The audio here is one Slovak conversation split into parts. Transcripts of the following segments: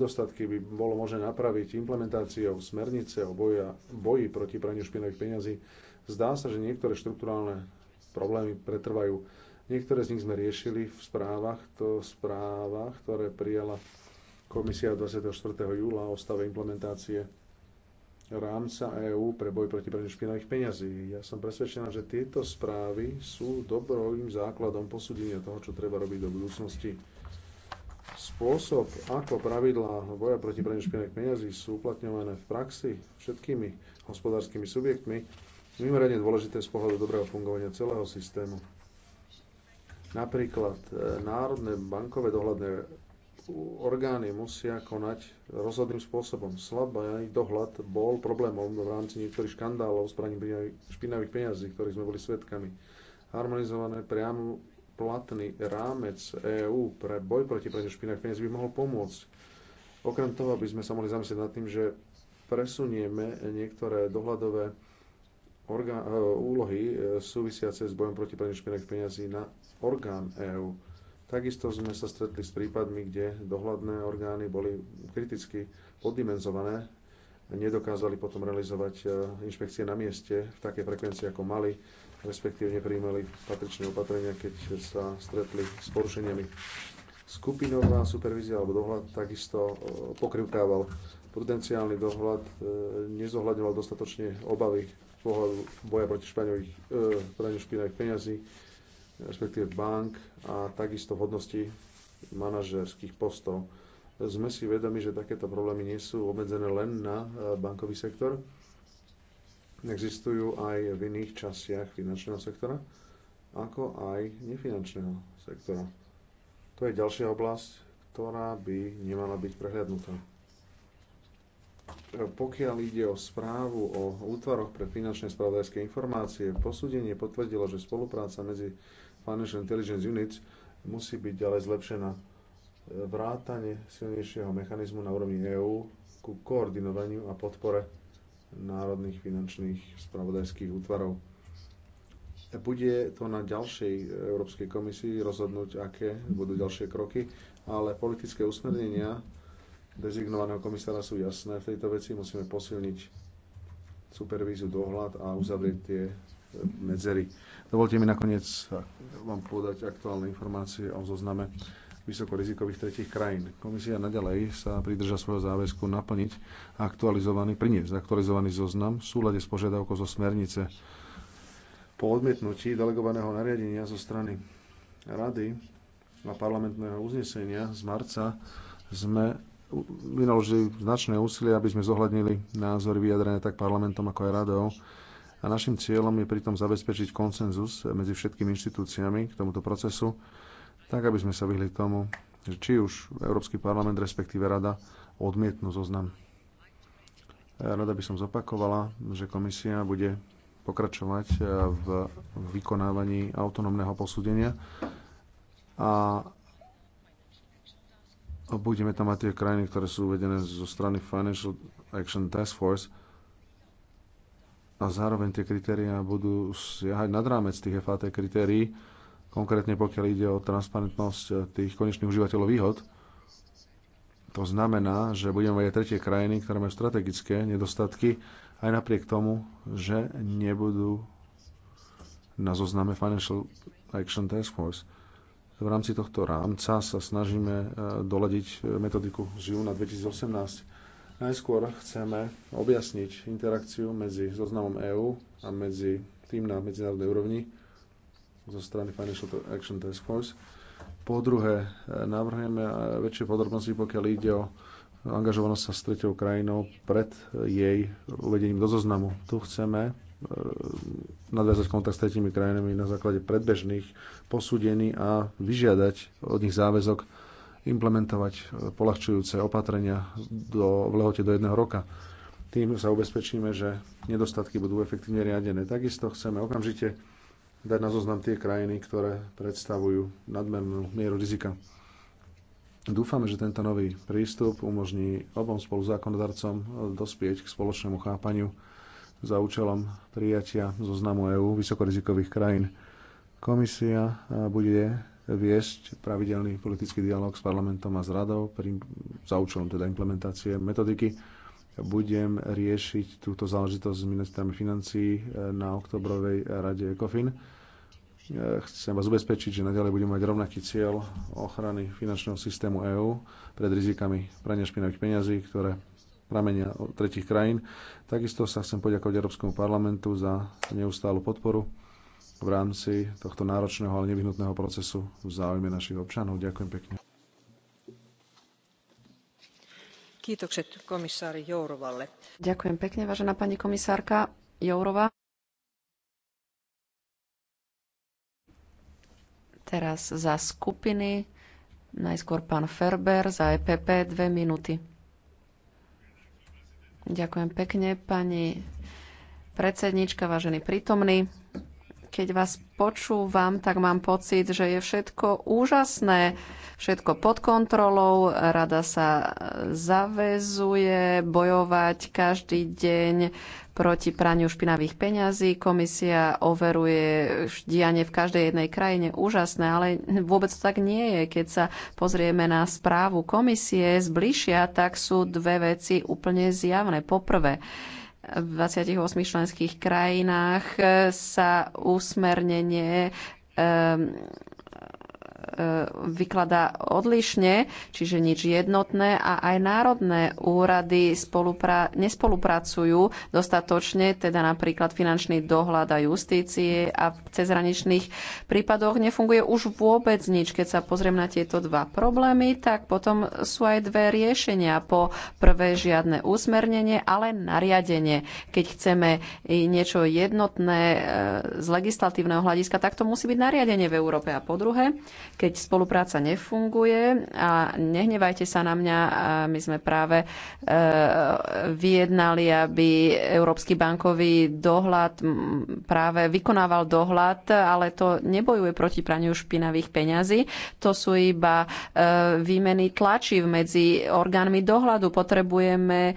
Nedostatky by bolo možné napraviť implementáciou smernice o boja, boji proti praniu špinavých peňazí. Zdá sa, že niektoré štruktúrálne problémy pretrvajú. Niektoré z nich sme riešili v správach, to správa, ktoré prijala komisia 24. júla o stave implementácie rámca EÚ pre boj proti praniu špinavých peňazí. Ja som presvedčená, že tieto správy sú dobrým základom posúdenia toho, čo treba robiť do budúcnosti spôsob ako pravidlá boja proti praniu špinavých peňazí sú uplatňované v praxi všetkými hospodárskymi subjektmi je mimoriadne dôležité z pohľadu dobrého fungovania celého systému napríklad e, národné bankové dohľadné orgány musia konať rozhodným spôsobom. Slabý dohľad bol problémom v rámci niektorých škandálov s praním špinavých peňazí, ktorých sme boli svedkami. Harmonizované priamo platný rámec EÚ pre boj proti praniu špinavých peniazí by mohol pomôcť. Okrem toho, aby sme sa mohli zamyslieť nad tým, že presunieme niektoré dohľadové e, úlohy e, súvisiace s bojom proti praniu špinavých peniazí na orgán EÚ. Takisto sme sa stretli s prípadmi, kde dohľadné orgány boli kriticky poddimenzované, nedokázali potom realizovať e, inšpekcie na mieste v takej frekvencii, ako mali respektíve neprijímali patričné opatrenia, keď sa stretli s porušeniami. Skupinová supervízia alebo dohľad takisto e, pokrivkával prudenciálny dohľad, e, nezohľadňoval dostatočne obavy z pohľadu boja proti e, praniu špinavých peňazí, respektíve bank a takisto hodnosti manažerských postov. Sme si vedomi, že takéto problémy nie sú obmedzené len na bankový sektor, existujú aj v iných častiach finančného sektora, ako aj nefinančného sektora. To je ďalšia oblasť, ktorá by nemala byť prehľadnutá. Pokiaľ ide o správu o útvaroch pre finančné spravodajské informácie, posúdenie potvrdilo, že spolupráca medzi Financial Intelligence Units musí byť ďalej zlepšená. Vrátanie silnejšieho mechanizmu na úrovni EÚ ku koordinovaniu a podpore národných finančných spravodajských útvarov. E, bude to na ďalšej e, Európskej komisii rozhodnúť, aké budú ďalšie kroky, ale politické usmernenia dezignovaného komisára sú jasné. V tejto veci musíme posilniť supervíziu, dohľad a uzavrieť tie e, medzery. Dovolte mi nakoniec vám podať aktuálne informácie o zozname vysokorizikových tretich krajín. Komisia naďalej sa pridrža svojho záväzku naplniť aktualizovaný, priniesť aktualizovaný zoznam v súlade s požiadavkou zo smernice po odmietnutí delegovaného nariadenia zo strany Rady a parlamentného uznesenia z marca sme vynaložili značné úsilie, aby sme zohľadnili názory vyjadrené tak parlamentom ako aj radou. A našim cieľom je pritom zabezpečiť konsenzus medzi všetkými inštitúciami k tomuto procesu tak aby sme sa vyhli tomu, že či už Európsky parlament, respektíve Rada, odmietnú zoznam. Rada by som zopakovala, že komisia bude pokračovať e, v vykonávaní autonómneho posúdenia a budeme tam mať tie krajiny, ktoré sú uvedené zo strany Financial Action Task Force a zároveň tie kritériá budú siahať nad rámec tých FAT kritérií, konkrétne pokiaľ ide o transparentnosť eh, tých konečných užívateľov výhod. To znamená, že budeme mať aj tretie krajiny, ktoré majú strategické nedostatky, aj napriek tomu, že nebudú na zozname Financial Action Task Force. V rámci tohto rámca sa snažíme eh, doladiť eh, metodiku z júna 2018. Najskôr chceme objasniť interakciu medzi zoznamom EÚ a medzi tým na medzinárodnej úrovni, zo strany Financial Action Task Force. Po druhé, navrhujeme väčšie podrobnosti, pokiaľ ide o angažovanosť sa s tretou krajinou pred jej uvedením do zoznamu. Tu chceme e, nadviazať kontakt s tretími krajinami na základe predbežných posúdení a vyžiadať od nich záväzok implementovať e, polahčujúce opatrenia do, v lehote do jedného roka. Tým sa ubezpečíme, že nedostatky budú efektívne riadené. Takisto chceme okamžite dať na zoznam tie krajiny, ktoré predstavujú nadmernú mieru rizika. Dúfame, že tento nový prístup umožní obom spoluzákonodarcom eh, dospieť k spoločnému chápaniu za účelom prijatia zoznamu EÚ vysokorizikových krajín. Komisia eh, bude viesť pravidelný politický dialog s parlamentom a s radou pri, za účelom teda implementácie metodiky budem riešiť túto záležitosť s ministrami financií eh, na oktobrovej rade ECOFIN. Eh, chcem vás ubezpečiť, že naďalej budeme mať rovnaký cieľ ochrany finančného systému EÚ pred rizikami prania špinavých peňazí, ktoré pramenia od tretich krajín. Takisto sa chcem poďakovať Európskemu parlamentu za neustálu podporu v rámci tohto náročného, ale nevyhnutného procesu v záujme našich občanov. Ďakujem pekne. Ďakujem pekne, vážená pani komisárka Jourová. Teraz za skupiny najskôr pán Ferber za EPP dve minúty. Ďakujem pekne, pani predsedníčka, vážení prítomní keď vás počúvam, tak mám pocit, že je všetko úžasné, všetko pod kontrolou, rada sa zavezuje bojovať každý deň proti praniu špinavých peňazí. Komisia overuje dianie v každej jednej krajine. Úžasné, ale vôbec to tak nie je. Keď sa pozrieme na správu komisie zbližšia, tak sú dve veci úplne zjavné. Poprvé, v 28 členských krajinách sa usmernenie ehm, E, vykladá odlišne, čiže nič jednotné a aj národné úrady spolupra- nespolupracujú dostatočne, teda napríklad finančný dohľad a justície a v cezhraničných prípadoch nefunguje už vôbec nič. Keď sa pozriem na tieto dva problémy, tak potom sú aj dve riešenia. Po prvé žiadne usmernenie, ale nariadenie. Keď chceme niečo jednotné e, z legislatívneho hľadiska, tak to musí byť nariadenie v Európe. A po druhé, keď spolupráca nefunguje. A nehnevajte sa na mňa, my sme práve e, vyjednali, aby Európsky bankový dohľad práve vykonával dohľad, ale to nebojuje proti praniu špinavých peňazí. To sú iba e, výmeny tlačiv medzi orgánmi dohľadu. Potrebujeme e,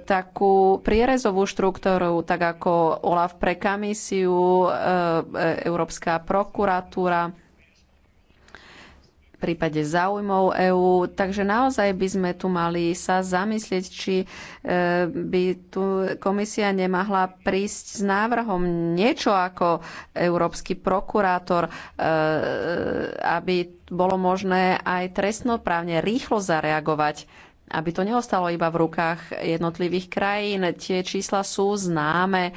takú prierezovú štruktúru, tak ako OLAF pre komisiu, Európska prokuratúra prípade záujmov EÚ. Takže naozaj by sme tu mali sa zamyslieť, či e, by tu komisia nemohla prísť s návrhom niečo ako európsky prokurátor, e, aby bolo možné aj trestnoprávne rýchlo zareagovať aby to neostalo iba v rukách jednotlivých krajín. Tie čísla sú známe,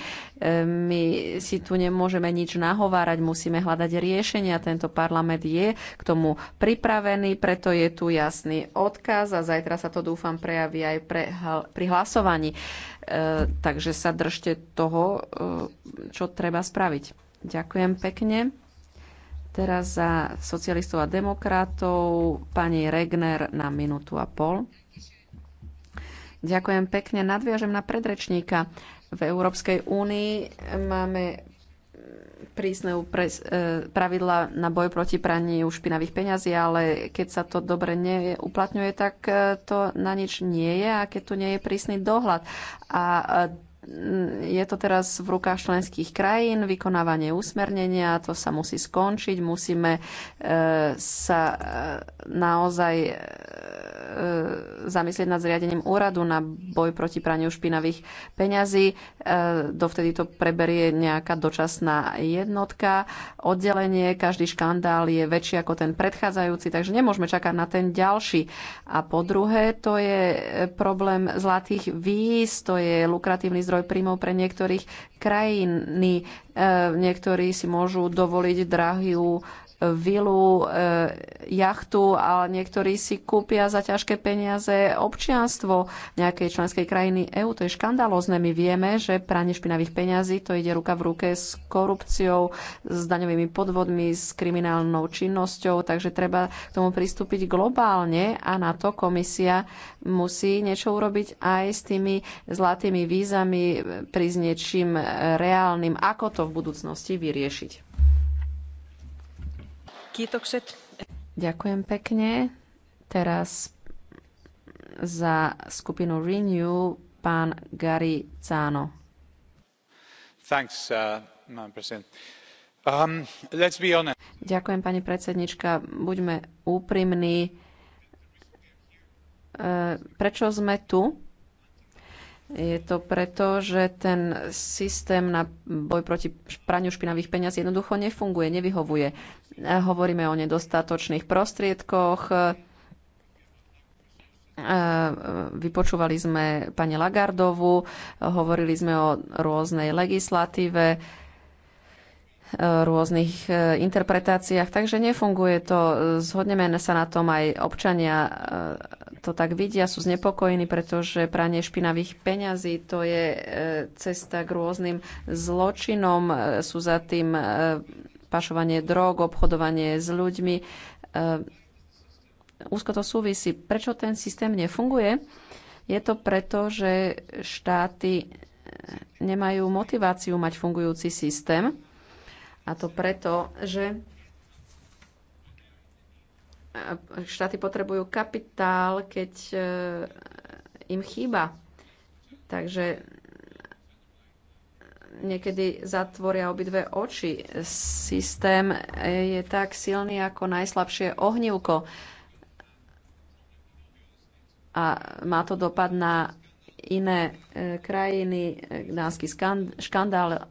my si tu nemôžeme nič nahovárať, musíme hľadať riešenia. Tento parlament je k tomu pripravený, preto je tu jasný odkaz a zajtra sa to dúfam prejaví aj pre, pri hlasovaní. E, takže sa držte toho, e, čo treba spraviť. Ďakujem pekne. Teraz za socialistov a demokratov pani Regner na minútu a pol. Ďakujem pekne. Nadviažem na predrečníka. V Európskej únii máme prísne e, pravidla na boj proti praniu špinavých peňazí, ale keď sa to dobre neuplatňuje, tak e, to na nič nie je a keď tu nie je prísny dohľad. A e, je to teraz v rukách členských krajín, vykonávanie usmernenia, to sa musí skončiť, musíme sa naozaj E, zamyslieť nad zriadením úradu na boj proti praniu špinavých peňazí. E, dovtedy to preberie nejaká dočasná jednotka, oddelenie. Každý škandál je väčší ako ten predchádzajúci, takže nemôžeme čakať na ten ďalší. A po druhé, to je problém zlatých víz, to je lukratívny zdroj príjmov pre niektorých krajiny. E, niektorí si môžu dovoliť drahú vilu, eh, jachtu a niektorí si kúpia za ťažké peniaze občianstvo nejakej členskej krajiny EÚ. To je škandalozne. My vieme, že pranie špinavých peňazí to ide ruka v ruke s korupciou, s daňovými podvodmi, s kriminálnou činnosťou, takže treba k tomu pristúpiť globálne a na to komisia musí niečo urobiť aj s tými zlatými vízami, prísť niečím reálnym, ako to v budúcnosti vyriešiť. Ďakujem pekne. Teraz za skupinu Renew pán Gary Cáno. Thanks, uh, um, let's be honest. Ďakujem, pani predsednička. Buďme úprimní. Uh, prečo sme tu? Je to preto, že ten systém na boj proti praniu špinavých peňazí jednoducho nefunguje, nevyhovuje. Hovoríme o nedostatočných prostriedkoch. E, e, vypočúvali sme pani Lagardovu, hovorili sme o rôznej legislatíve, rôznych e, interpretáciách, takže nefunguje to. Zhodneme sa na tom aj občania e, to tak vidia, sú znepokojení, pretože pranie špinavých peňazí to je e, cesta k rôznym zločinom, sú za tým pašovanie drog, obchodovanie s ľuďmi. Úzko to súvisí. Prečo ten systém nefunguje? Je to preto, že štáty nemajú motiváciu mať fungujúci systém a to preto, že štáty potrebujú kapitál, keď eh, im chýba. Takže niekedy zatvoria obidve oči. Systém eh, je tak silný ako najslabšie ohnívko. A má to dopad na iné eh, krajiny, dánsky škandál,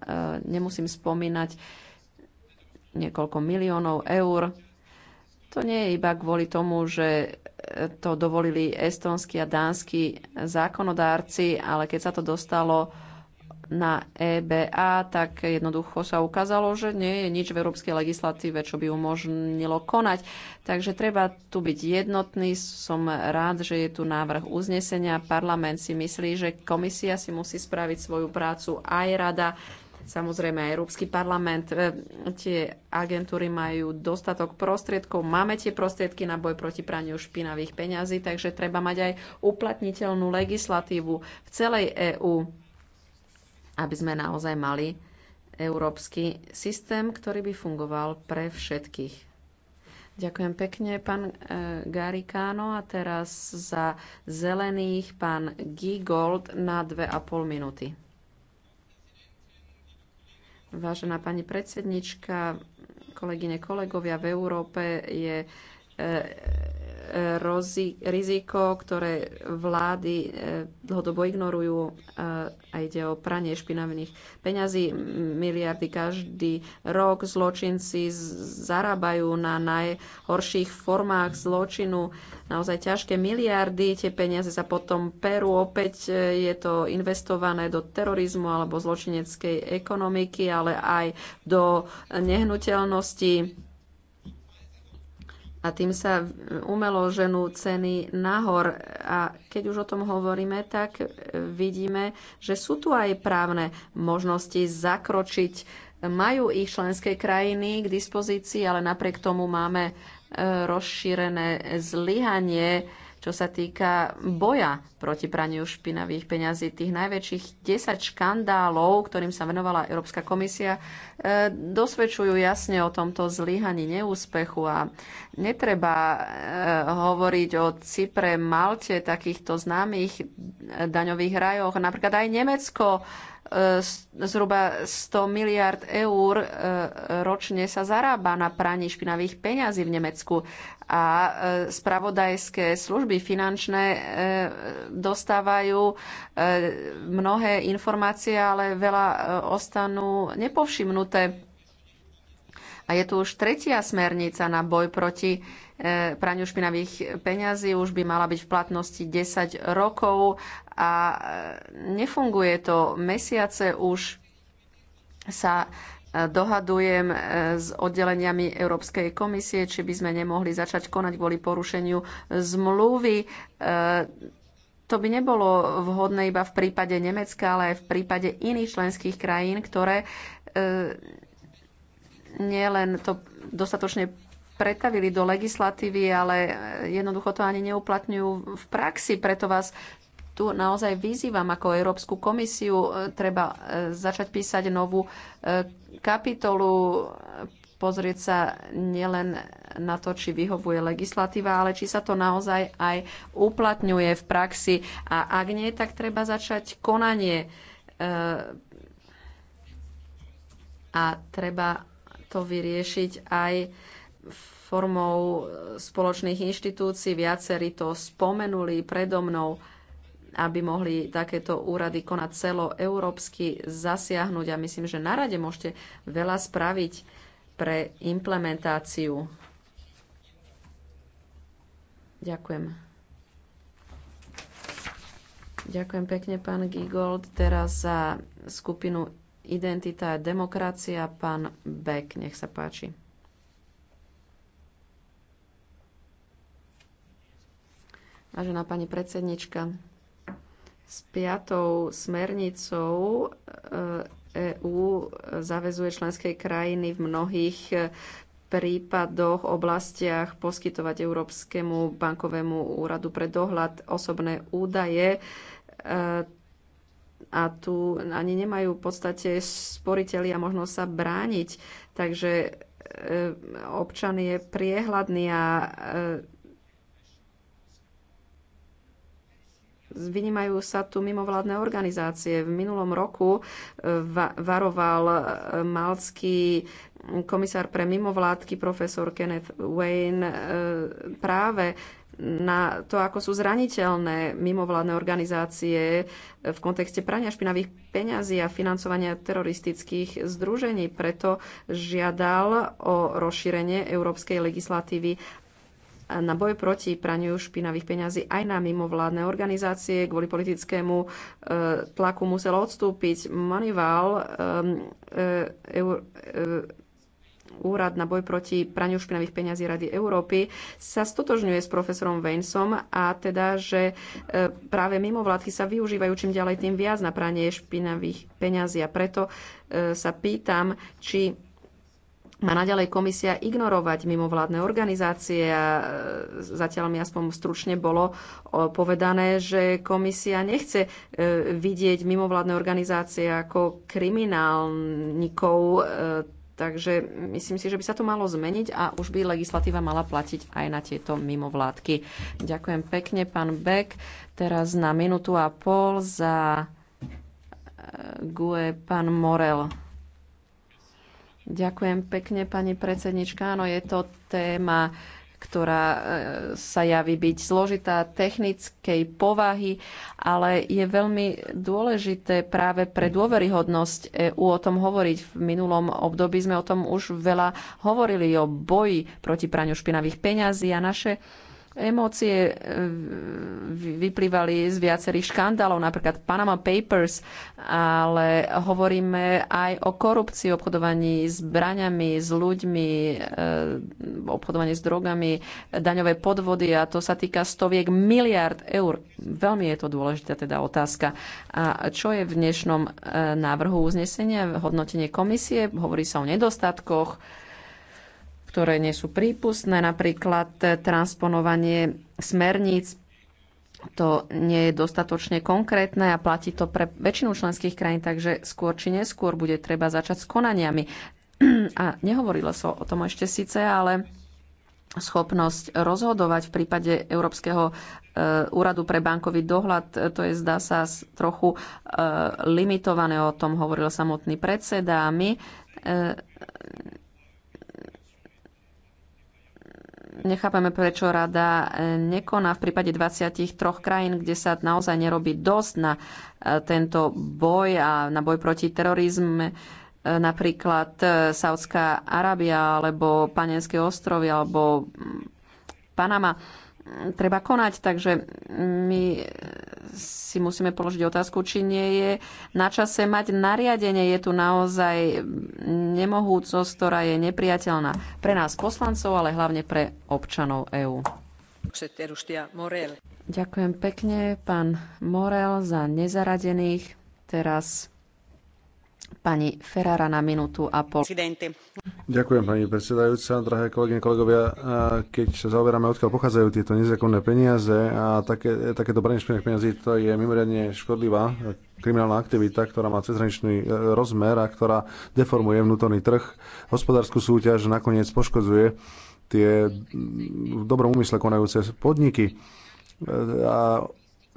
nemusím spomínať niekoľko miliónov eur. To nie je iba kvôli tomu, že to dovolili estonskí a dánsky zákonodárci, ale keď sa to dostalo na EBA, tak jednoducho sa ukázalo, že nie je nič v európskej legislatíve, čo by umožnilo konať. Takže treba tu byť jednotný. Som rád, že je tu návrh uznesenia. Parlament si myslí, že komisia si musí spraviť svoju prácu aj rada Samozrejme, aj Európsky parlament, e, tie agentúry majú dostatok prostriedkov, máme tie prostriedky na boj proti praniu špinavých peňazí, takže treba mať aj uplatniteľnú legislatívu v celej EÚ, aby sme naozaj mali európsky systém, ktorý by fungoval pre všetkých. Ďakujem pekne, pán e, Garikáno. A teraz za zelených pán Gigold na 2,5 minúty. Vážená pani predsednička, kolegyne, kolegovia, v Európe je e, riziko, ktoré vlády eh, dlhodobo ignorujú eh, a ide o pranie špinavných peňazí. Miliardy každý rok zločinci zarábajú na najhorších formách zločinu naozaj ťažké miliardy. Tie peniaze sa potom perú. Opäť eh, je to investované do terorizmu alebo zločineckej ekonomiky, ale aj do nehnuteľnosti a tým sa umelo ženú ceny nahor. A keď už o tom hovoríme, tak vidíme, že sú tu aj právne možnosti zakročiť. Majú ich členské krajiny k dispozícii, ale napriek tomu máme e, rozšírené zlyhanie čo sa týka boja proti praniu špinavých peňazí, tých najväčších 10 škandálov, ktorým sa venovala Európska komisia, e, dosvedčujú jasne o tomto zlyhaní, neúspechu a netreba e, hovoriť o Cypre, Malte, takýchto známych e, daňových rajoch. Napríklad aj Nemecko E, zhruba 100 miliard eur e, ročne sa zarába na praní špinavých peňazí v Nemecku a e, spravodajské služby finančné dostávajú mnohé informácie, ale veľa ostanú nepovšimnuté. A je tu už tretia smernica na boj proti E, praniu špinavých peňazí už by mala byť v platnosti 10 rokov a e, nefunguje to. Mesiace už sa e, dohadujem s oddeleniami Európskej komisie, či by sme nemohli začať konať kvôli porušeniu zmluvy. To by nebolo vhodné iba v prípade Nemecka, ale aj v prípade iných členských krajín, ktoré nielen to dostatočne pretavili do legislatívy, ale e, jednoducho to ani neuplatňujú v praxi. Preto vás tu naozaj vyzývam ako Európsku komisiu. E, treba e, začať písať novú kapitolu, pozrieť sa nielen na to, či vyhovuje legislatíva, ale či sa to naozaj aj uplatňuje v praxi. A ak nie, tak treba začať konanie. A treba to vyriešiť aj formou e, spoločných inštitúcií. Viacerí to spomenuli predo mnou, aby mohli takéto úrady konať celoeurópsky, zasiahnuť a myslím, že na rade môžete veľa spraviť pre implementáciu. Ďakujem. Ďakujem pekne, pán Gigold. Teraz za skupinu Identita a demokracia, pán Beck, nech sa páči. Vážená pani predsednička, s piatou smernicou EÚ e zavezuje členské krajiny v mnohých e, prípadoch, oblastiach poskytovať Európskemu bankovému úradu pre dohľad osobné údaje. E, a tu ani nemajú v podstate sporiteľi a možno sa brániť. Takže občan je priehľadný a Vynímajú sa tu mimovládne organizácie. V minulom roku e, varoval e, malský komisár pre mimovládky profesor Kenneth Wayne e, práve na to, ako sú zraniteľné mimovládne organizácie v kontexte prania špinavých peňazí a financovania teroristických združení. Preto žiadal o rozšírenie európskej legislatívy na boj proti praniu špinavých peňazí aj na mimovládne organizácie. Kvôli politickému e, tlaku muselo odstúpiť. Manival, e, e, úrad na boj proti praniu špinavých peňazí Rady Európy, sa stotožňuje s profesorom Vainsom a teda, že práve mimovládky sa využívajú čím ďalej tým viac na pranie špinavých peňazí. A preto sa pýtam, či má naďalej komisia ignorovať mimovládne organizácie a e, zatiaľ mi aspoň stručne bolo e, povedané, že komisia nechce e, vidieť mimovládne organizácie ako kriminálnikov, takže myslím si, že by sa to malo zmeniť a už by legislatíva mala platiť aj na tieto mimovládky. Ďakujem pekne, pán Beck. Teraz na minútu a pol za GUE pán Morel. Ďakujem pekne, pani predsednička. Áno, je to téma, ktorá e, sa javí byť zložitá technickej povahy, ale je veľmi dôležité práve pre dôveryhodnosť EU o tom hovoriť. V minulom období sme o tom už veľa hovorili, o boji proti praniu špinavých peňazí a naše Emócie eh, vyplývali z viacerých škandálov, napríklad Panama Papers, ale hovoríme aj o korupcii, obchodovaní s braňami, s ľuďmi, eh, obchodovaní s drogami, daňové podvody a to sa týka stoviek miliard eur. Veľmi je to dôležitá teda otázka. A čo je v dnešnom eh, návrhu uznesenia, hodnotenie komisie? Hovorí sa o nedostatkoch, ktoré nie sú prípustné, napríklad transponovanie smerníc to nie je dostatočne konkrétne a platí to pre väčšinu členských krajín, takže skôr či neskôr bude treba začať s konaniami. A nehovorilo sa o tom ešte síce, ale schopnosť rozhodovať v prípade Európskeho e, úradu pre bankový dohľad, e, to je zdá sa trochu e, limitované, o tom hovoril samotný predseda a my Nechápame, prečo rada e, nekoná v prípade 23 krajín, kde sa naozaj nerobí dosť na e, tento boj a na boj proti terorizmu e, napríklad Saudská Arábia alebo Panenské ostrovy alebo mm, Panama. Treba konať, takže my si musíme položiť otázku, či nie je na čase mať nariadenie. Je tu naozaj nemohúcosť, ktorá je nepriateľná pre nás poslancov, ale hlavne pre občanov EÚ. Ďakujem pekne, pán Morel, za nezaradených. Teraz Pani Ferrara na minútu a pol. Ďakujem, pani predsedajúca. Drahé kolegyne, kolegovia, keď sa zaoberáme, odkiaľ pochádzajú tieto nezákonné peniaze a také, takéto branie špinavých peniazí, to je mimoriadne škodlivá kriminálna aktivita, ktorá má cezhraničný e, rozmer a ktorá deformuje vnútorný trh, hospodárskú súťaž nakoniec poškodzuje tie v dobrom úmysle konajúce podniky e, a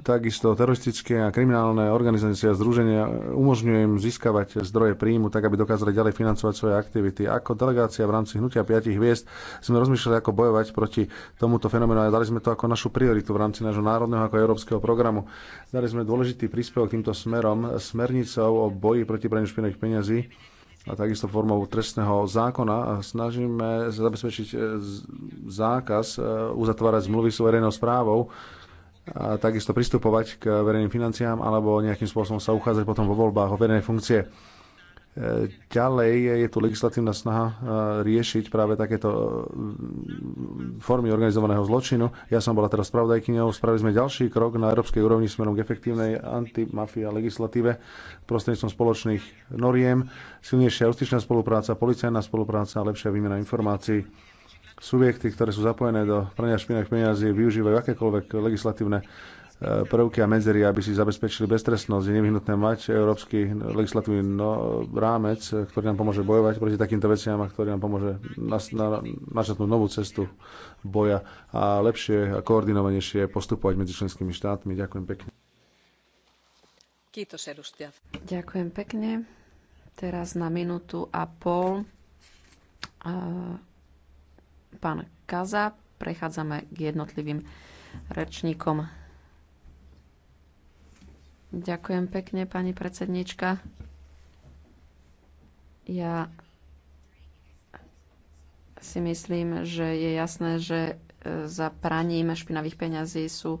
Takisto teroristické a kriminálne organizácie a združenia e, umožňujú im získavať zdroje príjmu, tak aby dokázali ďalej financovať svoje aktivity. Ako delegácia v rámci hnutia 5 hviezd sme rozmýšľali, ako bojovať proti tomuto fenoménu a dali sme to ako našu prioritu v rámci nášho národného ako európskeho programu. Dali sme dôležitý príspevok týmto smerom smernicou o boji proti praniu špinavých peňazí a takisto formou trestného zákona. Snažíme sa zabezpečiť e, zákaz e, uzatvárať zmluvy s verejnou správou, a takisto pristupovať k verejným financiám alebo nejakým spôsobom sa uchádzať potom vo voľbách o verejné funkcie. E, ďalej je tu legislatívna snaha e, riešiť práve takéto e, formy organizovaného zločinu. Ja som bola teraz spravodajkyňou, spravili sme ďalší krok na európskej úrovni smerom k efektívnej antimafia legislatíve prostredníctvom spoločných noriem, silnejšia justičná spolupráca, policajná spolupráca a lepšia výmena informácií subjekty, ktoré sú zapojené do prania špinavých peniazí, využívajú akékoľvek legislatívne e, prvky a medzery, aby si zabezpečili beztrestnosť. Je nevyhnutné mať európsky legislatívny no, rámec, ktorý nám pomôže bojovať proti takýmto veciam a ktorý nám pomôže nas, na, novú cestu boja a lepšie a koordinovanejšie postupovať medzi členskými štátmi. Ďakujem pekne. Ďakujem pekne. Teraz na minútu a pol e, pán Kaza. Prechádzame k jednotlivým rečníkom. Ďakujem pekne, pani predsednička. Ja si myslím, že je jasné, že e, za praním špinavých peňazí sú e,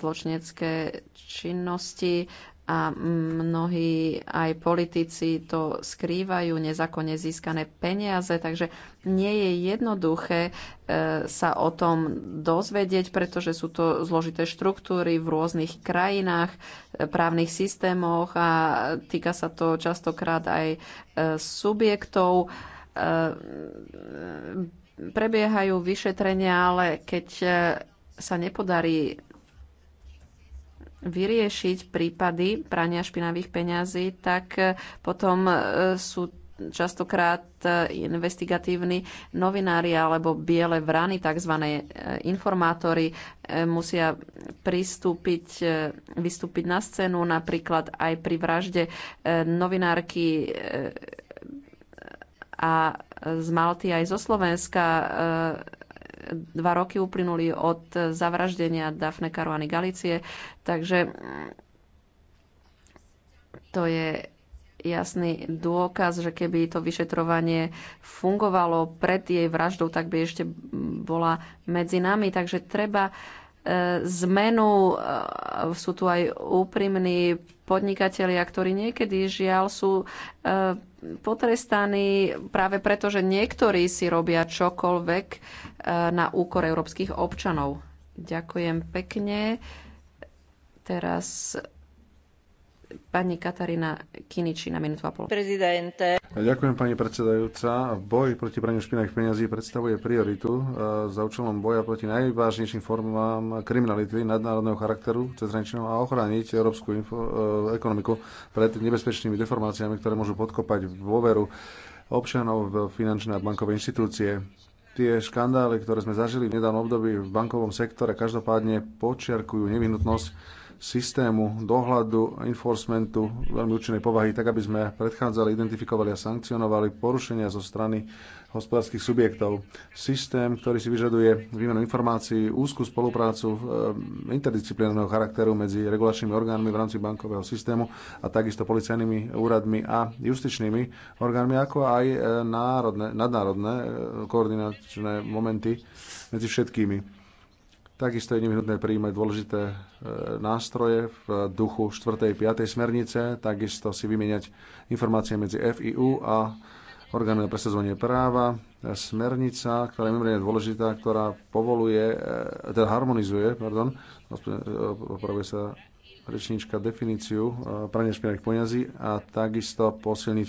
zločinecké činnosti a mnohí aj politici to skrývajú, nezákonne získané peniaze, takže nie je jednoduché e, sa o tom dozvedieť, pretože sú to zložité štruktúry v rôznych krajinách, e, právnych systémoch a týka sa to častokrát aj e, subjektov. Prebiehajú vyšetrenia, ale keď sa nepodarí vyriešiť prípady prania špinavých peňazí, tak eh, potom eh, sú častokrát eh, investigatívni novinári alebo biele vrany, tzv. informátori, musia pristúpiť, vystúpiť na scénu, napríklad aj pri vražde novinárky a z Malty aj zo Slovenska dva roky uplynuli od zavraždenia Dafne Karuany Galicie. takže mm, to je jasný dôkaz, že keby to vyšetrovanie fungovalo pred jej vraždou, tak by ešte bola medzi nami. Takže treba zmenu. E, sú tu aj úprimní podnikatelia, ktorí niekedy žiaľ sú e, potrestaní práve preto, že niektorí si robia čokoľvek e, na úkor európskych občanov. Ďakujem pekne. Teraz Pani Katarína Kiniči na minútu a pol. Prezidente. Ďakujem pani predsedajúca. Boj proti praniu špinavých peňazí predstavuje prioritu e, za účelom boja proti najvážnejším formám kriminality nadnárodného charakteru cez cezhraničného a ochrániť európsku info, e, ekonomiku pred nebezpečnými deformáciami, ktoré môžu podkopať dôveru občanov v finančné a bankové inštitúcie tie škandály, ktoré sme zažili v nedávnom období v bankovom sektore, každopádne počiarkujú nevyhnutnosť systému dohľadu, enforcementu veľmi účinnej povahy, tak aby sme predchádzali, identifikovali a sankcionovali porušenia zo strany hospodárskych subjektov. Systém, ktorý si vyžaduje výmenu informácií, úzku spoluprácu eh, interdisciplinárneho charakteru medzi regulačnými orgánmi v rámci bankového systému a takisto policajnými úradmi a justičnými orgánmi, ako aj eh, národne, nadnárodné eh, koordinačné momenty medzi všetkými Takisto je nevyhnutné prijímať dôležité e, nástroje v duchu 4. 5. smernice, takisto si vymieňať informácie medzi FIU a orgánom na presadzovanie práva, e, smernica, ktorá je mimoriadne dôležitá, ktorá povoluje, e, teda harmonizuje, pardon, opravuje sa rečníčka definíciu prania špinavých poňazí a takisto posilniť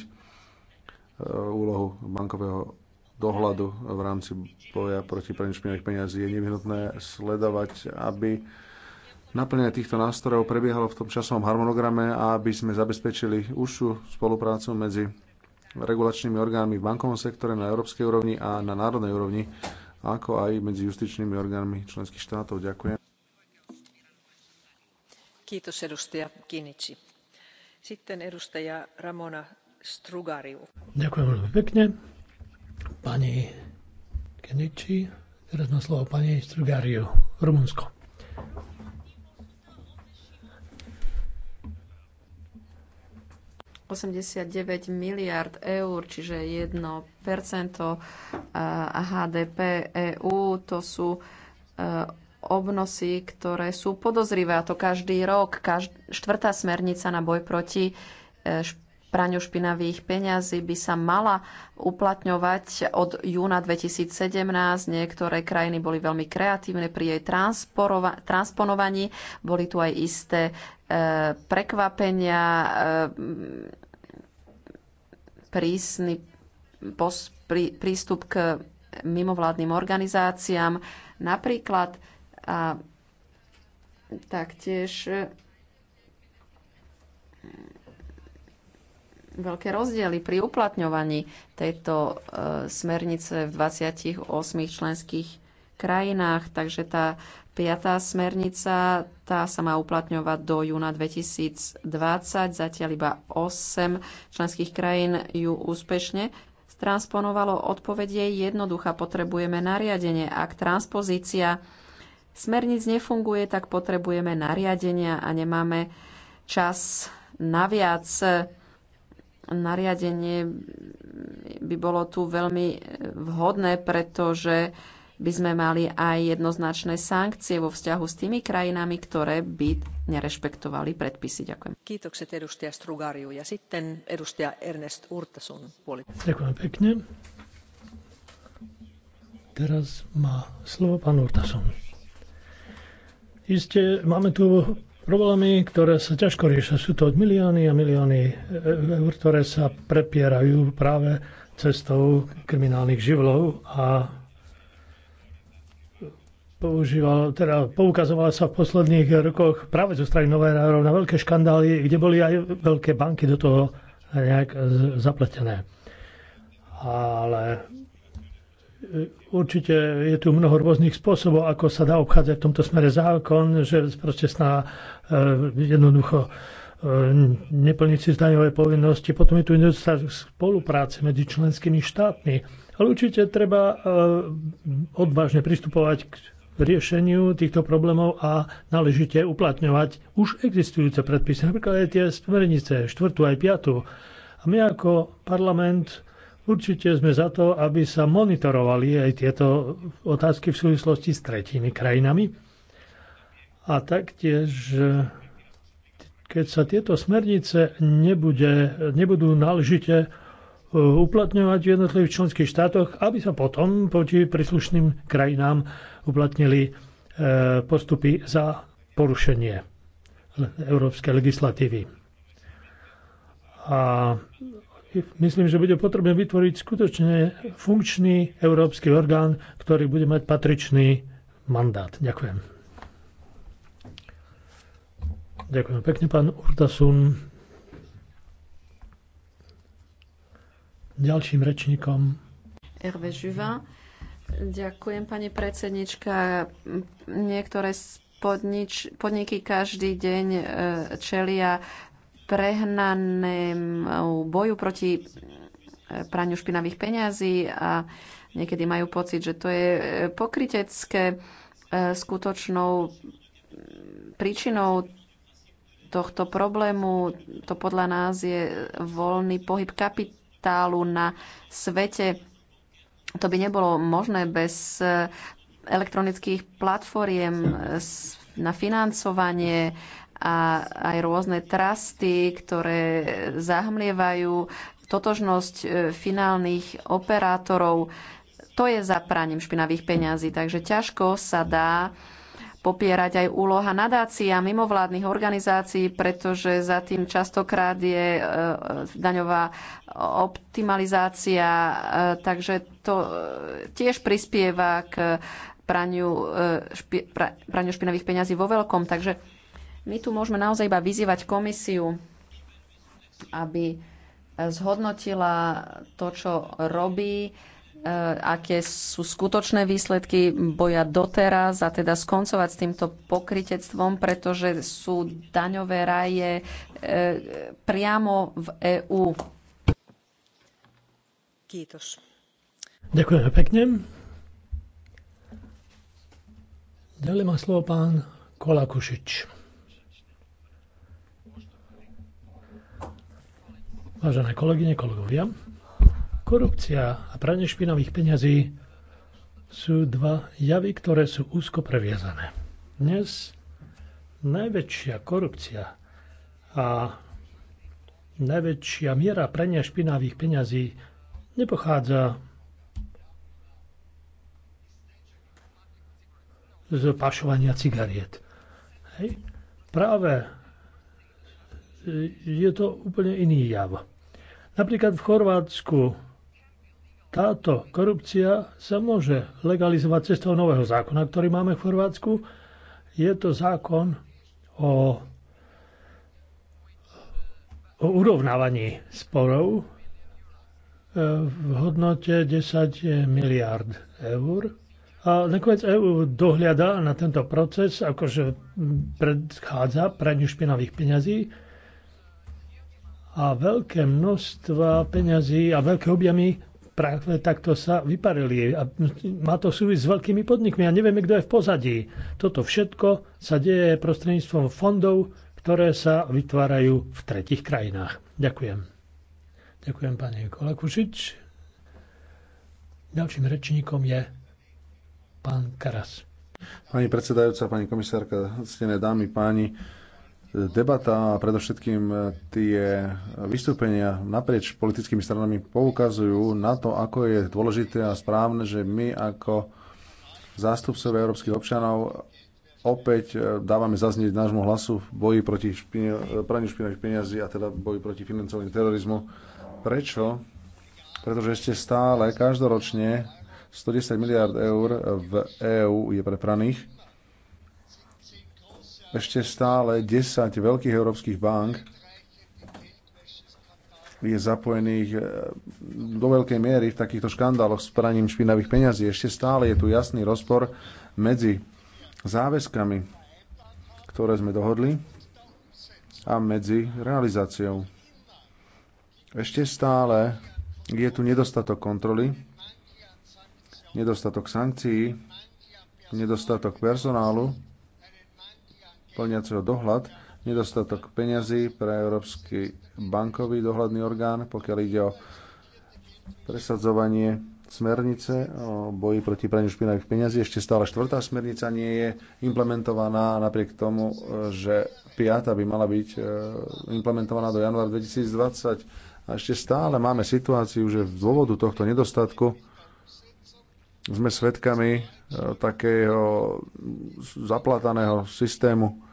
úlohu bankového dohľadu v rámci boja proti praniu špinavých peniazí je nevyhnutné sledovať, aby naplnenie týchto nástrojov prebiehalo v tom časovom harmonograme a aby sme zabezpečili užšiu spoluprácu medzi regulačnými orgánmi v bankovom sektore na európskej úrovni a na národnej úrovni, ako aj medzi justičnými orgánmi členských štátov. Ďakujem. Kiitos edustaja Kinici. Sitten edustaja Ramona Strugariu. Ďakujem veľmi pekne pani Kenichi, Teraz má slovo pani Strugariu, Rumunsko. ...89 miliard eur, čiže 1% HDP EÚ, to sú eh, obnosy, ktoré sú podozrivé, a to každý rok. Každá, štvrtá smernica na boj proti eh, praniu špinavých peňazí by sa mala uplatňovať od júna 2017. Niektoré krajiny boli veľmi kreatívne pri jej transponovaní. Boli tu aj isté e, prekvapenia, e, prísny pos, prí, prístup k mimovládnym organizáciám. Napríklad a taktiež veľké rozdiely pri uplatňovaní tejto e, smernice v 28 členských krajinách, takže tá piatá smernica, tá sa má uplatňovať do júna 2020, zatiaľ iba 8 členských krajín ju úspešne transponovalo. Odpoveď je jednoduchá, potrebujeme nariadenie. Ak transpozícia smerníc nefunguje, tak potrebujeme nariadenia a nemáme čas naviac nariadenie by bolo tu veľmi vhodné, pretože by sme mali aj jednoznačné sankcie vo vzťahu s tými krajinami, ktoré by nerešpektovali predpisy. Ďakujem. Kiitokset edustaja Strugariu ja sitten edustaja Ernest Urtasun. Puoli. Ďakujem pekne. Teraz má slovo pán Urtasun. Isté, máme tu Problémy, ktoré sa ťažko riešia, sú to milióny a milióny e, e, eur, ktoré sa prepierajú práve cestou kriminálnych živlov a používal, teda poukazovala sa v posledných rokoch práve zo strany národov na veľké škandály, kde boli aj veľké banky do toho nejak zapletené. Ale E, určite je tu mnoho rôznych spôsobov, ako sa dá obchádzať v tomto smere zákon, že proste sná e, jednoducho e, neplniť si zdaňové povinnosti. Potom je tu nedostatok spolupráce medzi členskými štátmi. Ale určite treba odvážne pristupovať k riešeniu týchto problémov a náležite uplatňovať už existujúce predpisy, napríklad aj tie smernice štvrtú aj piatú. A my ako parlament Určite sme za to, aby sa monitorovali aj tieto otázky v súvislosti s tretími krajinami. A taktiež, keď sa tieto smernice nebude, nebudú náležite e, uplatňovať v jednotlivých členských štátoch, aby sa potom proti príslušným krajinám uplatnili e, postupy za porušenie európskej legislatívy. A myslím, že bude potrebné vytvoriť skutočne funkčný európsky orgán, ktorý bude mať patričný mandát. Ďakujem. Ďakujem pekne, pán Urtasun. Ďalším rečníkom. Hervé Juvin. Ďakujem, pani predsednička. Niektoré podnič, podniky každý deň e, čelia prehnanému boju proti eh, praniu špinavých peňazí a niekedy majú pocit, že to je eh, pokrytecké. Eh, skutočnou príčinou tohto problému, to podľa nás je voľný pohyb kapitálu na svete. To by nebolo možné bez elektronických platformiem na financovanie, a aj rôzne trasty, ktoré zahmlievajú totožnosť e, finálnych operátorov. To je zapraním špinavých peňazí, takže ťažko sa dá popierať aj úloha nadácií a mimovládnych organizácií, pretože za tým častokrát je e, e, daňová optimalizácia, takže to tiež prispieva k praniu, špi, praniu špinavých peňazí vo veľkom. Takže my tu môžeme naozaj iba vyzývať komisiu, aby e, zhodnotila to, čo robí, e, aké sú skutočné výsledky boja doteraz a teda skoncovať s týmto pokritectvom, pretože sú daňové raje e, priamo v EÚ. Ďakujem pekne. Ďalej má slovo pán Kolakušič. Vážené kolegyne, kolegovia, korupcia a pranie špinavých peňazí sú dva javy, ktoré sú úzko previazané. Dnes najväčšia korupcia a najväčšia miera prania špinavých peňazí nepochádza z pašovania cigariet. Hej. Práve je to úplne iný jav. Napríklad v Chorvátsku táto korupcia sa môže legalizovať cestou nového zákona, ktorý máme v Chorvátsku. Je to zákon o, o urovnávaní sporov e, v hodnote 10 miliard eur. A nakoniec EU dohliada na tento proces, akože predchádza praniu špinavých peňazí a veľké množstva peňazí a veľké objemy práve takto sa vyparili. A má to súvisť s veľkými podnikmi a nevieme, kto je v pozadí. Toto všetko sa deje prostredníctvom fondov, ktoré sa vytvárajú v tretich krajinách. Ďakujem. Ďakujem pani Kolakušič. Ďalším rečníkom je pán Karas. Pani predsedajúca, pani komisárka, ctené dámy, páni, debata a predovšetkým e, tie vystúpenia naprieč politickými stranami poukazujú na to, ako je dôležité a správne, že my ako zástupcovia európskych občanov opäť e, dávame zaznieť nášmu hlasu v boji proti špine, e, praniu špinavých peniazí a teda boji proti financovaniu terorizmu. Prečo? Pretože ešte stále každoročne 110 miliard eur v EÚ je prepraných ešte stále 10 veľkých európskych bank je zapojených eh, do veľkej miery v takýchto škandáloch s praním špinavých peňazí. Ešte stále je tu jasný rozpor medzi záväzkami, ktoré sme dohodli, a medzi realizáciou. Ešte stále je tu nedostatok kontroly, nedostatok sankcií, nedostatok personálu, plniaceho dohľad, nedostatok peňazí pre Európsky bankový dohľadný orgán, pokiaľ ide o presadzovanie smernice o boji proti praniu špinavých peňazí. Ešte stále štvrtá smernica nie je implementovaná napriek tomu, že piata by mala byť e, implementovaná do januára 2020. A ešte stále máme situáciu, že z dôvodu tohto nedostatku sme svedkami e, takého zaplataného systému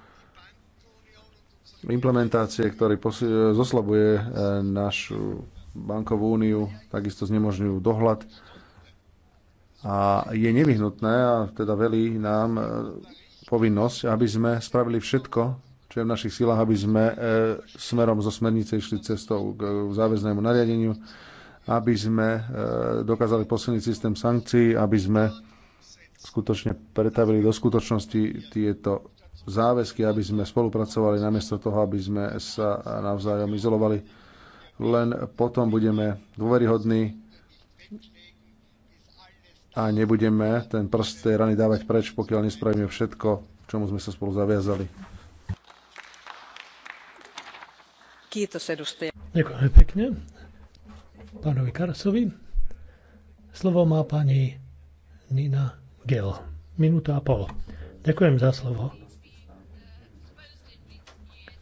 implementácie, ktorý zoslabuje e, našu bankovú úniu, takisto znemožňujú dohľad a je nevyhnutné a teda velí nám e, povinnosť, aby sme spravili všetko, čo je v našich silách, aby sme e, smerom zo smernice išli cestou k záväznému nariadeniu, aby sme dokázali posilniť systém sankcií, aby sme skutočne pretavili do skutočnosti tieto záväzky, aby sme spolupracovali namiesto toho, aby sme sa navzájom izolovali. Len potom budeme dôveryhodní a nebudeme ten prst tej rany dávať preč, pokiaľ nespravíme všetko, čomu sme sa spolu zaviazali. Ďakujem pekne pánovi Karasovi. Slovo má pani Nina Gel. Minúta a pol. Ďakujem za slovo.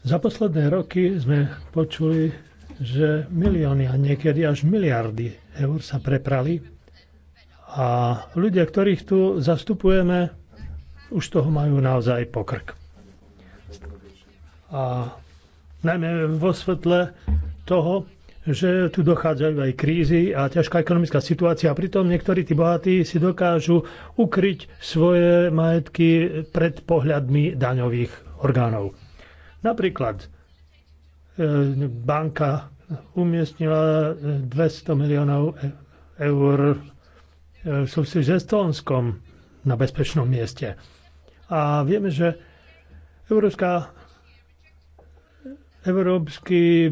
Za posledné roky sme počuli, že milióny a niekedy až miliardy eur sa preprali a ľudia, ktorých tu zastupujeme, už toho majú naozaj pokrk. A najmä vo svetle toho, že tu dochádzajú aj krízy a ťažká ekonomická situácia. A pritom niektorí tí bohatí si dokážu ukryť svoje majetky pred pohľadmi daňových orgánov. Napríklad e, banka umiestnila 200 e, miliónov e, eur v súvisí s Estónskom na bezpečnom mieste. A vieme, že Európska Európsky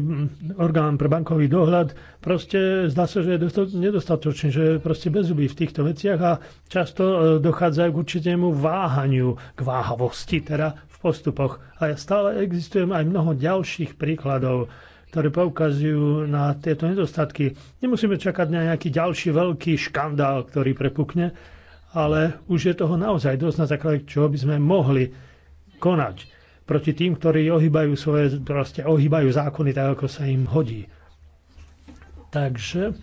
orgán pre bankový dohľad proste zdá sa, že je nedostatočný, že je proste bezubý v týchto veciach a často dochádza k určitému váhaniu, k váhavosti teda postupoch. A stále existuje aj mnoho ďalších príkladov, ktoré poukazujú na tieto nedostatky. Nemusíme čakať na nejaký ďalší veľký škandál, ktorý prepukne, ale už je toho naozaj dosť na základe, čo by sme mohli konať proti tým, ktorí ohýbajú svoje, proste ohýbajú zákony tak, ako sa im hodí. Takže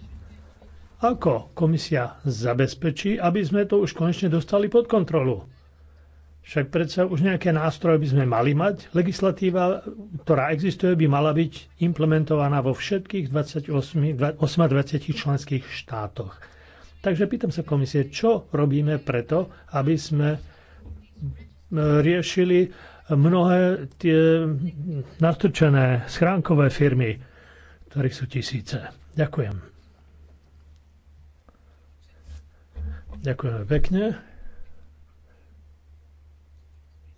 ako komisia zabezpečí, aby sme to už konečne dostali pod kontrolu? Však predsa už nejaké nástroje by sme mali mať. Legislatíva, ktorá existuje, by mala byť implementovaná vo všetkých 28, 28 členských štátoch. Takže pýtam sa komisie, čo robíme preto, aby sme e, riešili mnohé tie nastrčené schránkové firmy, ktorých sú tisíce. Ďakujem. Ďakujeme pekne.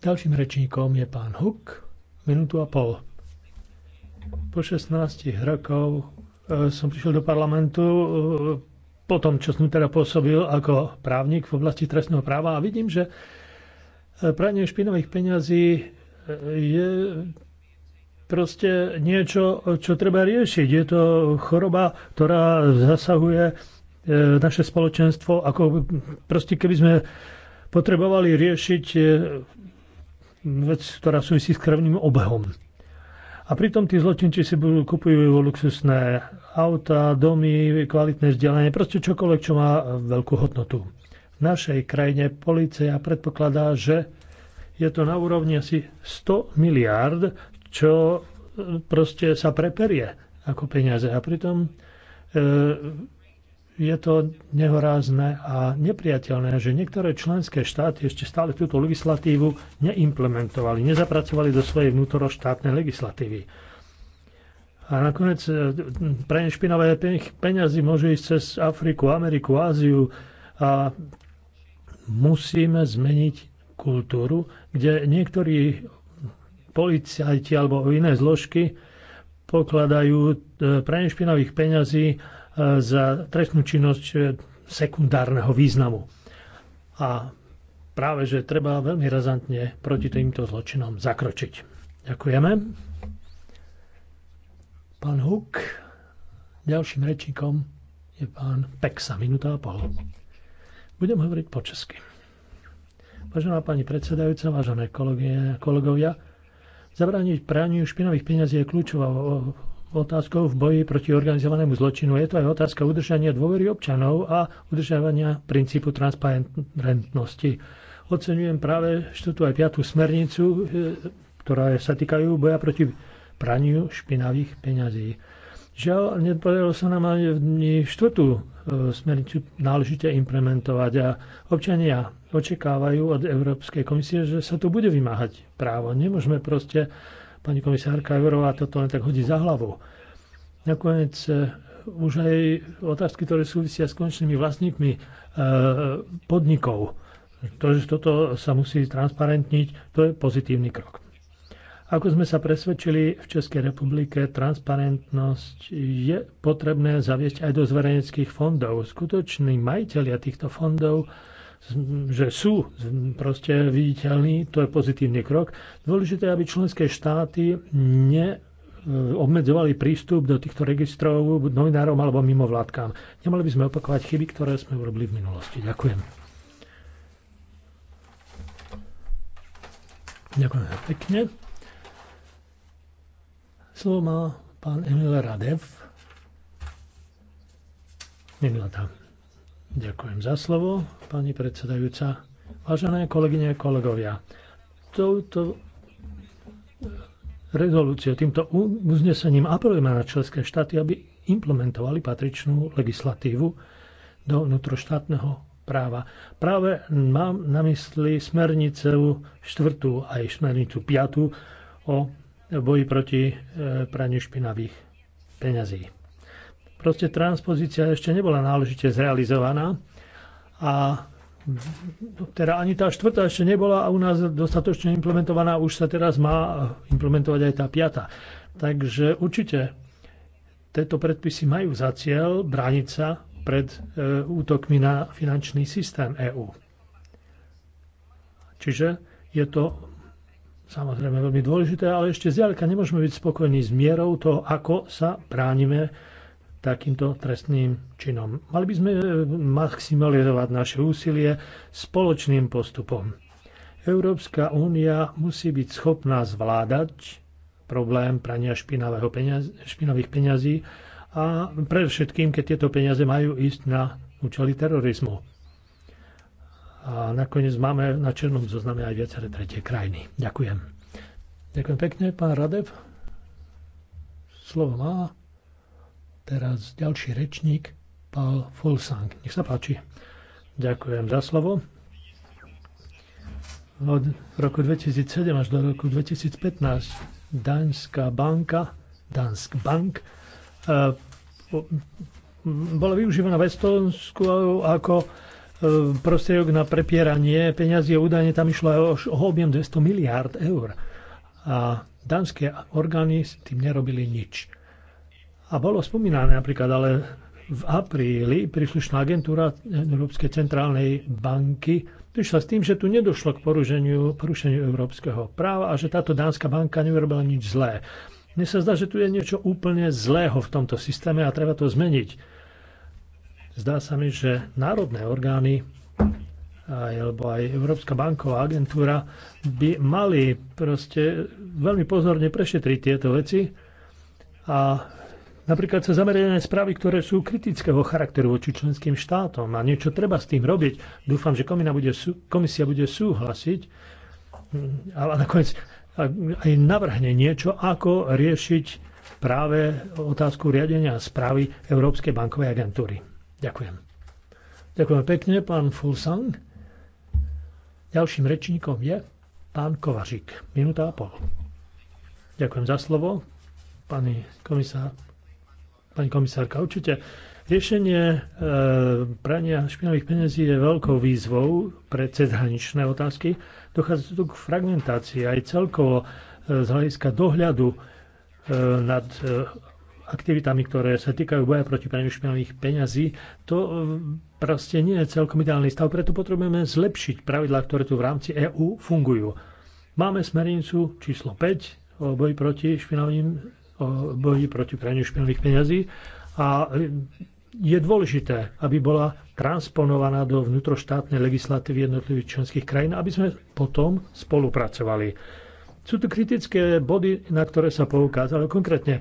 Ďalším rečníkom je pán Huk, minútu a pol. Po 16 rokov e, som prišiel do parlamentu e, po tom, čo som teda pôsobil ako právnik v oblasti trestného práva a vidím, že e, pranie špinových peňazí je proste niečo, čo treba riešiť. Je to choroba, ktorá zasahuje naše spoločenstvo, ako proste keby sme potrebovali riešiť vec, ktorá súvisí s krvným obehom. A pritom tí zločinci si budú, kupujú luxusné auta, domy, kvalitné vzdelanie, proste čokoľvek, čo má veľkú hodnotu. V našej krajine policia predpokladá, že je to na úrovni asi 100 miliárd, čo e, proste sa preperie ako peniaze. A pritom e, je to nehorázne a nepriateľné, že niektoré členské štáty ešte stále túto legislatívu neimplementovali, nezapracovali do svojej vnútoroštátnej legislatívy. A nakoniec e, pre špinavé peniazy môžu ísť cez Afriku, Ameriku, Áziu a musíme zmeniť kultúru, kde niektorí policajti alebo iné zložky pokladajú e, pre špinavých peňazí za trestnú činnosť e, sekundárneho významu. A práve, že treba veľmi razantne proti týmto zločinom zakročiť. Ďakujeme. Pán Huk, ďalším rečníkom je pán Peksa, minúta a pol. Budem hovoriť po česky. Vážená pani predsedajúca, vážené kolegovia, zabrániť praniu špinavých peniazí je kľúčová otázkou v boji proti organizovanému zločinu. Je to aj otázka udržania dôvery občanov a udržania princípu transparentnosti. Oceňujem práve štutu aj piatú smernicu, e, ktorá sa týkajú boja proti praniu špinavých peňazí. Žiaľ, nepodarilo sa nám ani štvrtú e, smernicu náležite implementovať a občania očakávajú od Európskej komisie, že sa to bude vymáhať právo. Nemôžeme proste pani komisárka Eurová toto len tak hodí za hlavu. Nakoniec e, už aj otázky, ktoré súvisia s končnými vlastníkmi e, podnikov. To, že toto sa musí transparentniť, to je pozitívny krok. Ako sme sa presvedčili, v Českej republike transparentnosť je potrebné zaviesť aj do zverejneckých fondov. Skutoční majiteľia týchto fondov že sú proste viditeľní, to je pozitívny krok. Dôležité, aby členské štáty ne obmedzovali prístup do týchto registrov novinárom alebo mimovládkám. Nemali by sme opakovať chyby, ktoré sme urobili v minulosti. Ďakujem. Ďakujem pekne. Slovo má pán Emil Radev. tam. Ďakujem za slovo, pani predsedajúca. Vážené kolegyne a kolegovia, touto rezolúciou, týmto uznesením apelujeme na členské štáty, aby implementovali patričnú legislatívu do vnútroštátneho práva. Práve mám na mysli smernicu 4. aj smernicu 5. o boji proti e, praniu špinavých peňazí. Proste transpozícia ešte nebola náležite zrealizovaná a teda ani tá štvrtá ešte nebola a u nás dostatočne implementovaná, už sa teraz má implementovať aj tá piata. Takže určite tieto predpisy majú za cieľ brániť sa pred e, útokmi na finančný systém EÚ. Čiže je to samozrejme veľmi dôležité, ale ešte zďaleka nemôžeme byť spokojní s mierou toho, ako sa bránime takýmto trestným činom. Mali by sme e, maximalizovať naše úsilie spoločným postupom. Európska únia musí byť schopná zvládať problém prania špinavého peniaz, špinavých peňazí a predovšetkým, keď tieto peniaze majú ísť na účely terorizmu. A nakoniec máme na černom zozname aj viaceré tretie krajiny. Ďakujem. Ďakujem pekne, pán Radev. Slovo má Teraz ďalší rečník, Paul Fulsang. Nech sa páči. Ďakujem za slovo. Od roku 2007 až do roku 2015 Daňská banka, Dansk Bank, eh, bola využívaná v Estonsku ako eh, prostriedok na prepieranie peňazí. Údajne tam išlo o objem 200 miliárd eur. A danské orgány s tým nerobili nič. A bolo spomínané napríklad, ale v apríli príslušná agentúra Európskej centrálnej banky prišla s tým, že tu nedošlo k porušeniu, porušeniu európskeho práva a že táto dánska banka neurobila nič zlé. Mne sa zdá, že tu je niečo úplne zlého v tomto systéme a treba to zmeniť. Zdá sa mi, že národné orgány alebo aj Európska banková agentúra by mali proste veľmi pozorne prešetriť tieto veci a Napríklad sa zameriajú správy, ktoré sú kritického charakteru voči členským štátom a niečo treba s tým robiť. Dúfam, že bude, komisia bude súhlasiť, a nakoniec aj navrhne niečo, ako riešiť práve otázku riadenia správy Európskej bankovej agentúry. Ďakujem. Ďakujem pekne, pán Fulsang. Ďalším rečníkom je pán Kovařík. Minúta a pol. Ďakujem za slovo, pani komisár Pani komisárka, určite riešenie e, prania špinavých peniazí je veľkou výzvou pre cezhraničné otázky. Dochádza tu k fragmentácii aj celkovo e, z hľadiska dohľadu e, nad e, aktivitami, ktoré sa týkajú boja proti praniu špinavých peňazí. To e, proste nie je celkom ideálny stav, preto potrebujeme zlepšiť pravidlá, ktoré tu v rámci EÚ fungujú. Máme smernicu číslo 5 o boji proti špinavým o boji proti praniu špinavých peňazí a e, je dôležité, aby bola transponovaná do vnútroštátnej legislatívy jednotlivých členských krajín, aby sme potom spolupracovali. Sú tu kritické body, na ktoré sa poukázalo konkrétne. E,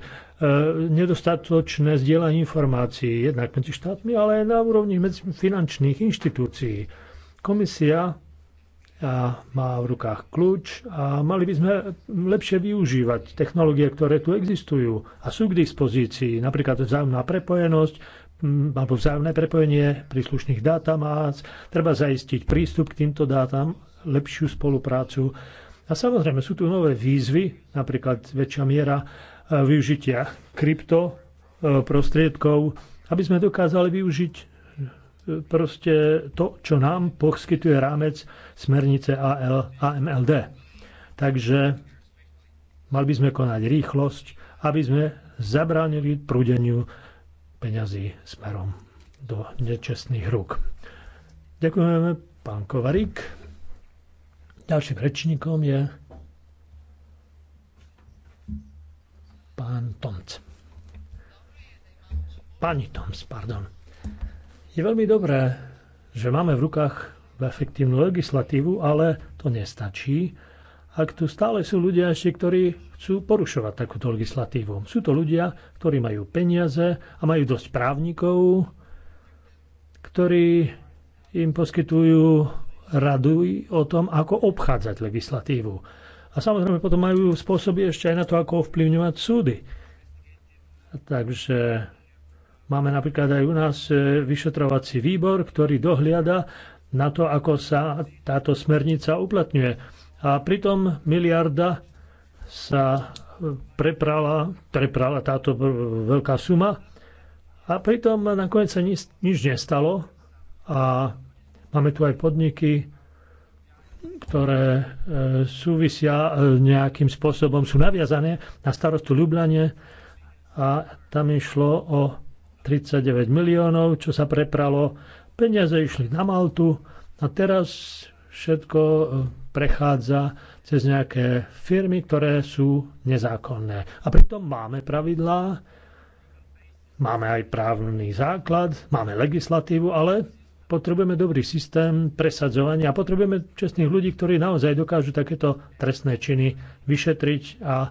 nedostatočné zdieľanie informácií jednak medzi štátmi, ale aj na úrovni medzi finančných inštitúcií. Komisia a má v rukách kľúč a mali by sme lepšie využívať technológie, ktoré tu existujú a sú k dispozícii, napríklad vzájomná prepojenosť alebo vzájomné prepojenie príslušných dátamác, treba zaistiť prístup k týmto dátam, lepšiu spoluprácu. A samozrejme sú tu nové výzvy, napríklad väčšia miera e, využitia krypto e, prostriedkov, aby sme dokázali využiť proste to, čo nám poskytuje rámec smernice AL, AMLD. Takže mali by sme konať rýchlosť, aby sme zabránili prúdeniu peňazí smerom do nečestných rúk. Ďakujeme, pán Kovarík. Ďalším rečníkom je pán Tomc. Pani Tomc, pardon. Je veľmi dobré, že máme v rukách efektívnu legislatívu, ale to nestačí, ak tu stále sú ľudia ešte, ktorí chcú porušovať takúto legislatívu. Sú to ľudia, ktorí majú peniaze a majú dosť právnikov, ktorí im poskytujú radu o tom, ako obchádzať legislatívu. A samozrejme potom majú spôsoby ešte aj na to, ako ovplyvňovať súdy. Takže Máme napríklad aj u nás e, vyšetrovací výbor, ktorý dohliada na to, ako sa táto smernica uplatňuje. A pritom miliarda sa e, preprala, preprala táto veľká suma a pritom nakoniec sa nič, nič nestalo a máme tu aj podniky, ktoré e, súvisia nejakým spôsobom, sú naviazané na starostu Ljubljane a tam išlo o 39 miliónov, čo sa prepralo. Peniaze išli na Maltu a teraz všetko e, prechádza cez nejaké firmy, ktoré sú nezákonné. A pritom máme pravidlá, máme aj právny základ, máme legislatívu, ale potrebujeme dobrý systém presadzovania a potrebujeme čestných ľudí, ktorí naozaj dokážu takéto trestné činy vyšetriť a e,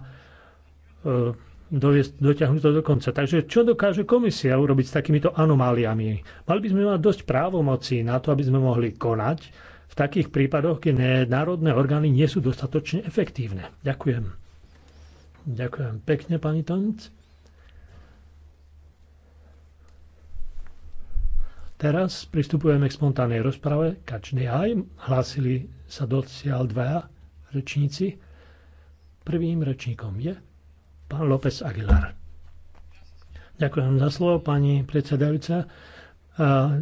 dotiahnuť to do konca. Takže čo dokáže komisia urobiť s takýmito anomáliami? Mali by sme mať dosť právomocí na to, aby sme mohli konať v takých prípadoch, keď národné orgány nie sú dostatočne efektívne. Ďakujem. Ďakujem pekne, pani Tonc. Teraz pristupujeme k spontánnej rozprave. Každý aj hlásili sa dociaľ dvaja rečníci. Prvým rečníkom je pán López Aguilar. Ďakujem za slovo, pani predsedajúca. A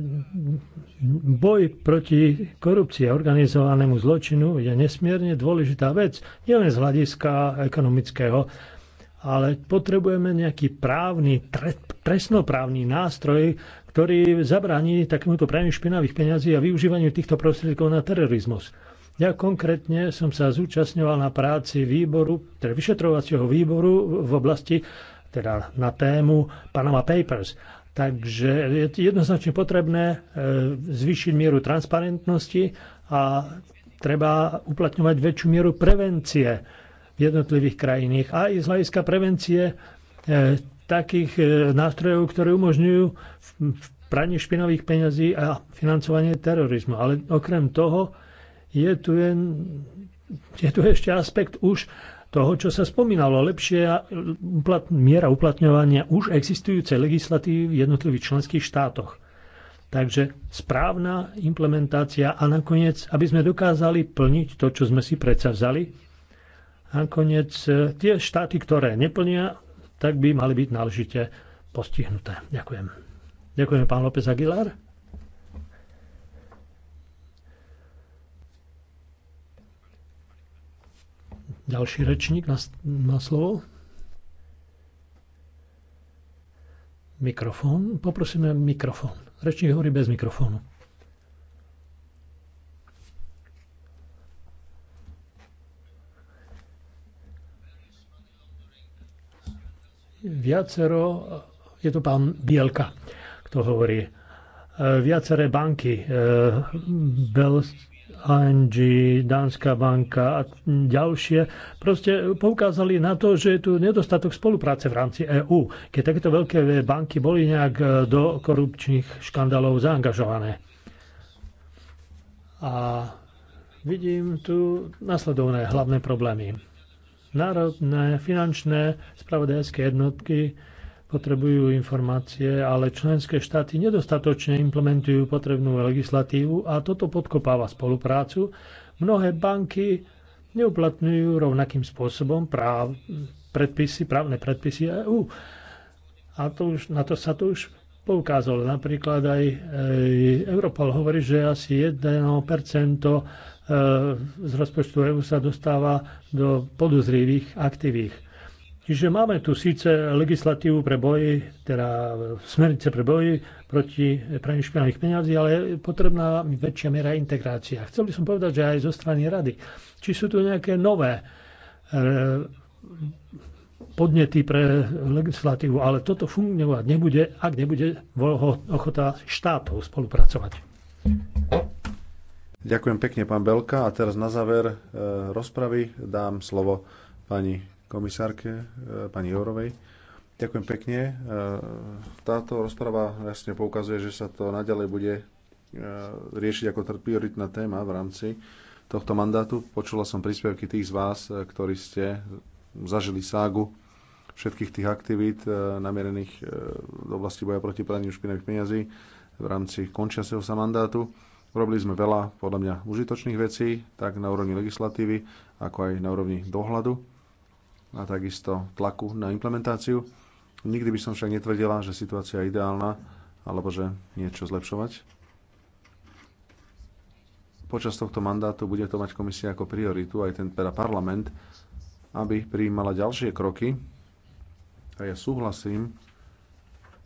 boj proti korupcii a organizovanému zločinu je nesmierne dôležitá vec, nielen z hľadiska ekonomického, ale potrebujeme nejaký právny, trestnoprávny nástroj, ktorý zabraní takémuto praniu špinavých peňazí a využívaniu týchto prostriedkov na terorizmus. Ja konkrétne som sa zúčastňoval na práci výboru, teda vyšetrovacieho výboru v oblasti, teda na tému Panama Papers. Takže je jednoznačne potrebné e, zvýšiť mieru transparentnosti a treba uplatňovať väčšiu mieru prevencie v jednotlivých krajinách. a Aj z hľadiska prevencie e, takých e, nástrojov, ktoré umožňujú pranie špinavých peňazí a financovanie terorizmu. Ale okrem toho je tu, jen, je tu ešte aspekt už toho, čo sa spomínalo, lepšia uplat, miera uplatňovania už existujúcej legislatívy v jednotlivých členských štátoch. Takže správna implementácia a nakoniec, aby sme dokázali plniť to, čo sme si predsa vzali, nakoniec e, tie štáty, ktoré neplnia, tak by mali byť náležite postihnuté. Ďakujem. Ďakujem, pán López Aguilar. Ďalší rečník na, na slovo. Mikrofón. Poprosíme mikrofón. Rečník hovorí bez mikrofónu. Viacero, je to pán Bielka, kto hovorí, e, viaceré banky, e, Bell ANG, Dánska banka a ďalšie, proste poukázali na to, že je tu nedostatok spolupráce v rámci EÚ, keď takéto veľké banky boli nejak e, do korupčných škandálov zaangažované. A vidím tu nasledovné hlavné problémy. Národné finančné spravodajské jednotky potrebujú informácie, ale členské štáty nedostatočne implementujú potrebnú legislatívu a toto podkopáva spoluprácu. Mnohé banky neuplatňujú rovnakým spôsobom práv, predpisy, právne predpisy EÚ. A to už, na to sa to už poukázalo. Napríklad aj e, Europol hovorí, že asi 1% e, z rozpočtu EÚ sa dostáva do podozrivých aktivít Čiže máme tu síce legislatívu pre boj, teda smernice pre boj proti praní špinavých peniazí, ale je potrebná väčšia miera integrácia. Chcel by som povedať, že aj zo strany rady. Či sú tu nejaké nové e, podnety pre legislatívu, ale toto fungovať nebude, ak nebude ochota štátov spolupracovať. Ďakujem pekne, pán Belka. A teraz na záver e, rozpravy dám slovo pani komisárke e, pani Jourovej. Ďakujem pekne. E, táto rozprava jasne poukazuje, že sa to naďalej bude e, riešiť ako prioritná téma v rámci tohto mandátu. Počula som príspevky tých z vás, ktorí ste zažili ságu všetkých tých aktivít namierených do oblasti boja proti praniu špinavých peňazí v rámci končiaceho sa mandátu. Robili sme veľa, podľa mňa, užitočných vecí, tak na úrovni legislatívy, ako aj na úrovni dohľadu a takisto tlaku na implementáciu. Nikdy by som však netvrdila, že situácia je ideálna alebo že niečo zlepšovať. Počas tohto mandátu bude to mať komisia ako prioritu aj ten teda parlament, aby prijímala ďalšie kroky. A ja súhlasím,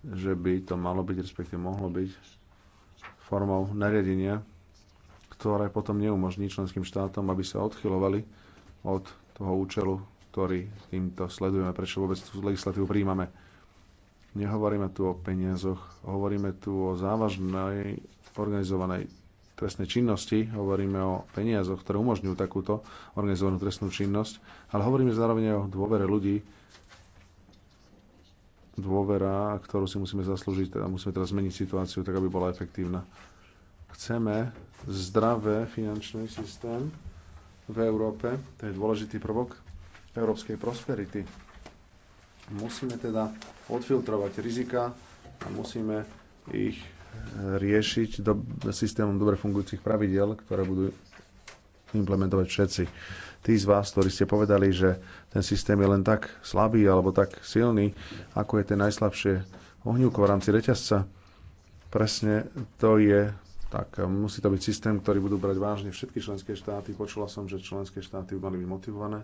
že by to malo byť, respektíve mohlo byť formou nariadenia, ktoré potom neumožní členským štátom, aby sa odchylovali od toho účelu, ktorý týmto sledujeme, prečo vôbec tú legislatívu príjmame. Nehovoríme tu o peniazoch, hovoríme tu o závažnej organizovanej trestnej činnosti, hovoríme o peniazoch, ktoré umožňujú takúto organizovanú trestnú činnosť, ale hovoríme zároveň o dôvere ľudí, dôvera, ktorú si musíme zaslúžiť, teda musíme teraz zmeniť situáciu tak, aby bola efektívna. Chceme zdravé finančný systém v Európe, to je dôležitý prvok, európskej prosperity. Musíme teda odfiltrovať rizika a musíme ich eh, riešiť do, systémom dobre fungujúcich pravidel, ktoré budú implementovať všetci. Tí z vás, ktorí ste povedali, že ten systém je len tak slabý alebo tak silný, ako je ten najslabšie ohňúko v rámci reťazca, presne to je tak musí to byť systém, ktorý budú brať vážne všetky členské štáty. Počula som, že členské štáty by mali byť motivované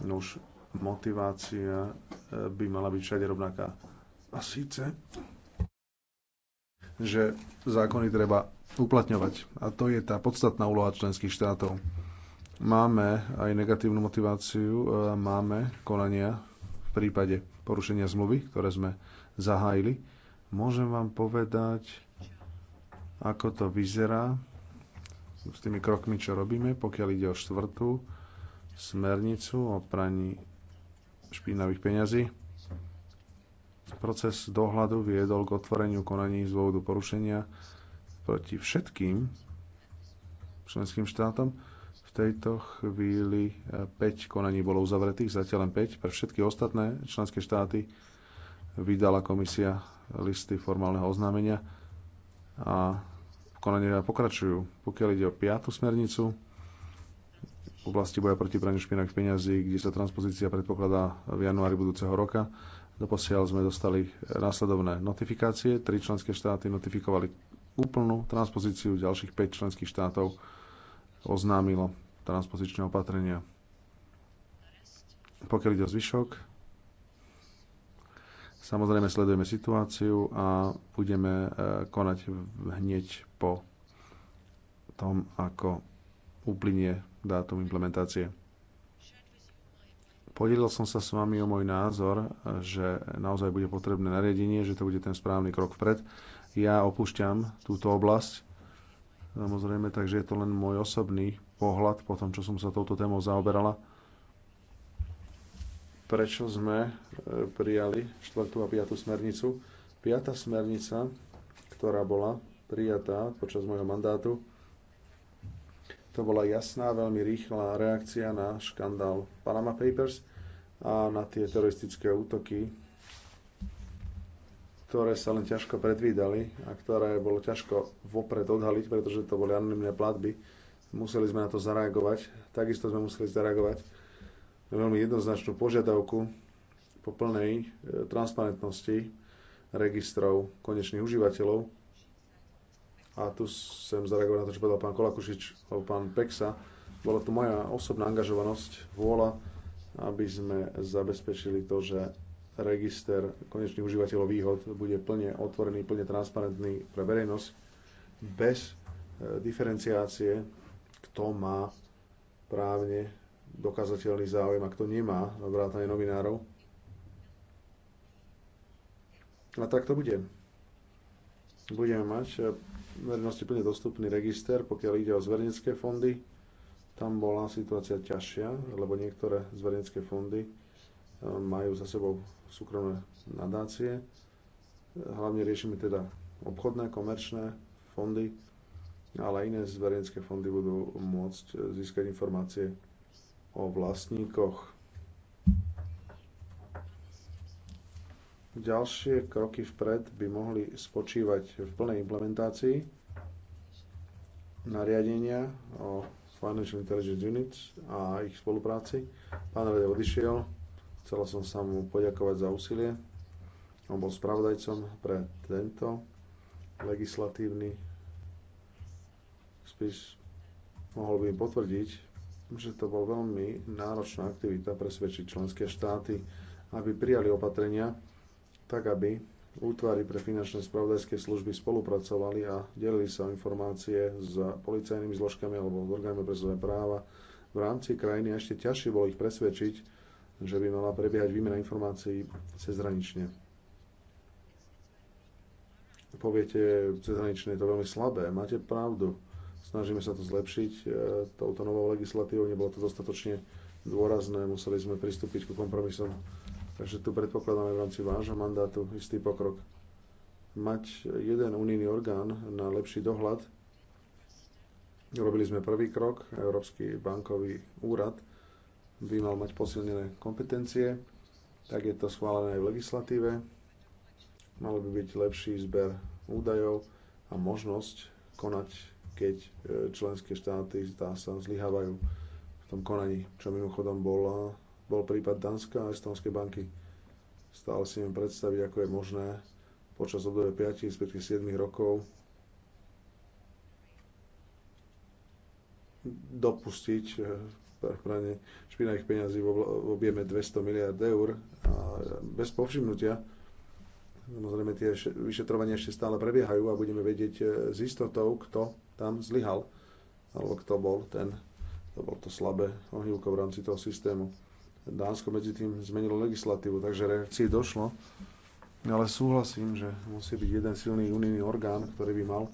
No už motivácia e, by mala byť všade rovnaká. A síce, že zákony treba uplatňovať. A to je tá podstatná úloha členských štátov. Máme aj negatívnu motiváciu, e, máme konania v prípade porušenia zmluvy, ktoré sme zahájili. Môžem vám povedať, ako to vyzerá s tými krokmi, čo robíme, pokiaľ ide o štvrtú smernicu o praní špinavých peňazí. Proces dohľadu viedol k otvoreniu konaní z dôvodu porušenia proti všetkým členským štátom. V tejto chvíli 5 e, konaní bolo uzavretých, zatiaľ len 5. Pre všetky ostatné členské štáty vydala komisia listy formálneho oznámenia a konania pokračujú. Pokiaľ ide o piatu smernicu, v oblasti boja proti praniu špinavých peňazí, kde sa transpozícia predpokladá v januári budúceho roka. Doposiaľ sme dostali následovné notifikácie. Tri členské štáty notifikovali úplnú transpozíciu, ďalších 5 členských štátov oznámilo transpozičné opatrenia. Pokiaľ ide o zvyšok, samozrejme sledujeme situáciu a budeme e, konať hneď po tom, ako uplynie dátum implementácie. Podielil som sa s vami o môj názor, že naozaj bude potrebné nariadenie, že to bude ten správny krok vpred. Ja opúšťam túto oblasť, samozrejme, takže je to len môj osobný pohľad po tom, čo som sa touto témou zaoberala. Prečo sme e, prijali 4. a 5. smernicu? 5. smernica, ktorá bola prijatá počas môjho mandátu, to bola jasná, veľmi rýchla reakcia na škandál Panama Papers a na tie teroristické útoky, ktoré sa len ťažko predvídali a ktoré bolo ťažko vopred odhaliť, pretože to boli anonimné platby. Museli sme na to zareagovať. Takisto sme museli zareagovať na veľmi jednoznačnú požiadavku po plnej e, transparentnosti registrov konečných užívateľov a tu sem zareagovať na to, čo povedal pán Kolakušič alebo pán Peksa, bola to moja osobná angažovanosť, vôľa, aby sme zabezpečili to, že register konečných užívateľov výhod bude plne otvorený, plne transparentný pre verejnosť bez e, diferenciácie, kto má právne dokazateľný záujem a kto nemá, vrátane novinárov. A tak to bude budeme mať e, verejnosti plne dostupný register, pokiaľ ide o zverejnecké fondy. Tam bola situácia ťažšia, lebo niektoré zverejnecké fondy e, majú za sebou súkromné nadácie. E, hlavne riešime teda obchodné, komerčné fondy, ale iné zverejnecké fondy budú môcť získať informácie o vlastníkoch Ďalšie kroky vpred by mohli spočívať v plnej implementácii nariadenia o Financial Intelligence Units a ich spolupráci. Pán Rede odišiel, chcela som sa mu poďakovať za úsilie. On bol spravodajcom pre tento legislatívny spis. Mohol by potvrdiť, že to bol veľmi náročná aktivita presvedčiť členské štáty, aby prijali opatrenia, tak aby útvary pre finančné spravodajské služby spolupracovali a delili sa o informácie s policajnými zložkami alebo orgánmi presadzovania práva v rámci krajiny a ešte ťažšie bolo ich presvedčiť, že by mala prebiehať výmena informácií cezhranične. Poviete, cezhranične je to veľmi slabé, máte pravdu. Snažíme sa to zlepšiť e, touto novou legislatívou, nebolo to dostatočne dôrazné, museli sme pristúpiť ku kompromisom Takže tu predpokladáme v rámci vášho mandátu istý pokrok. Mať jeden unijný orgán na lepší dohľad. Robili sme prvý krok. Európsky bankový úrad by mal mať posilnené kompetencie. Tak je to schválené aj v legislatíve. Mal by byť lepší zber údajov a možnosť konať, keď e, členské štáty zdá sa zlyhávajú v tom konaní, čo mimochodom bola bol prípad Danska a Estonskej banky. Stále si neviem predstaviť, ako je možné počas obdobia 5, respektíve 7 rokov dopustiť eh, pranie špinavých peňazí v objeme 200 miliard eur a eh, bez povšimnutia. Samozrejme, tie vyšetrovania ešte stále prebiehajú a budeme vedieť eh, s istotou, kto tam zlyhal, alebo kto bol ten, to bol to slabé ohnívko v rámci toho systému. Dánsko medzi tým zmenilo legislatívu, takže reakcii došlo. Ale súhlasím, že musí byť jeden silný unijný orgán, ktorý by mal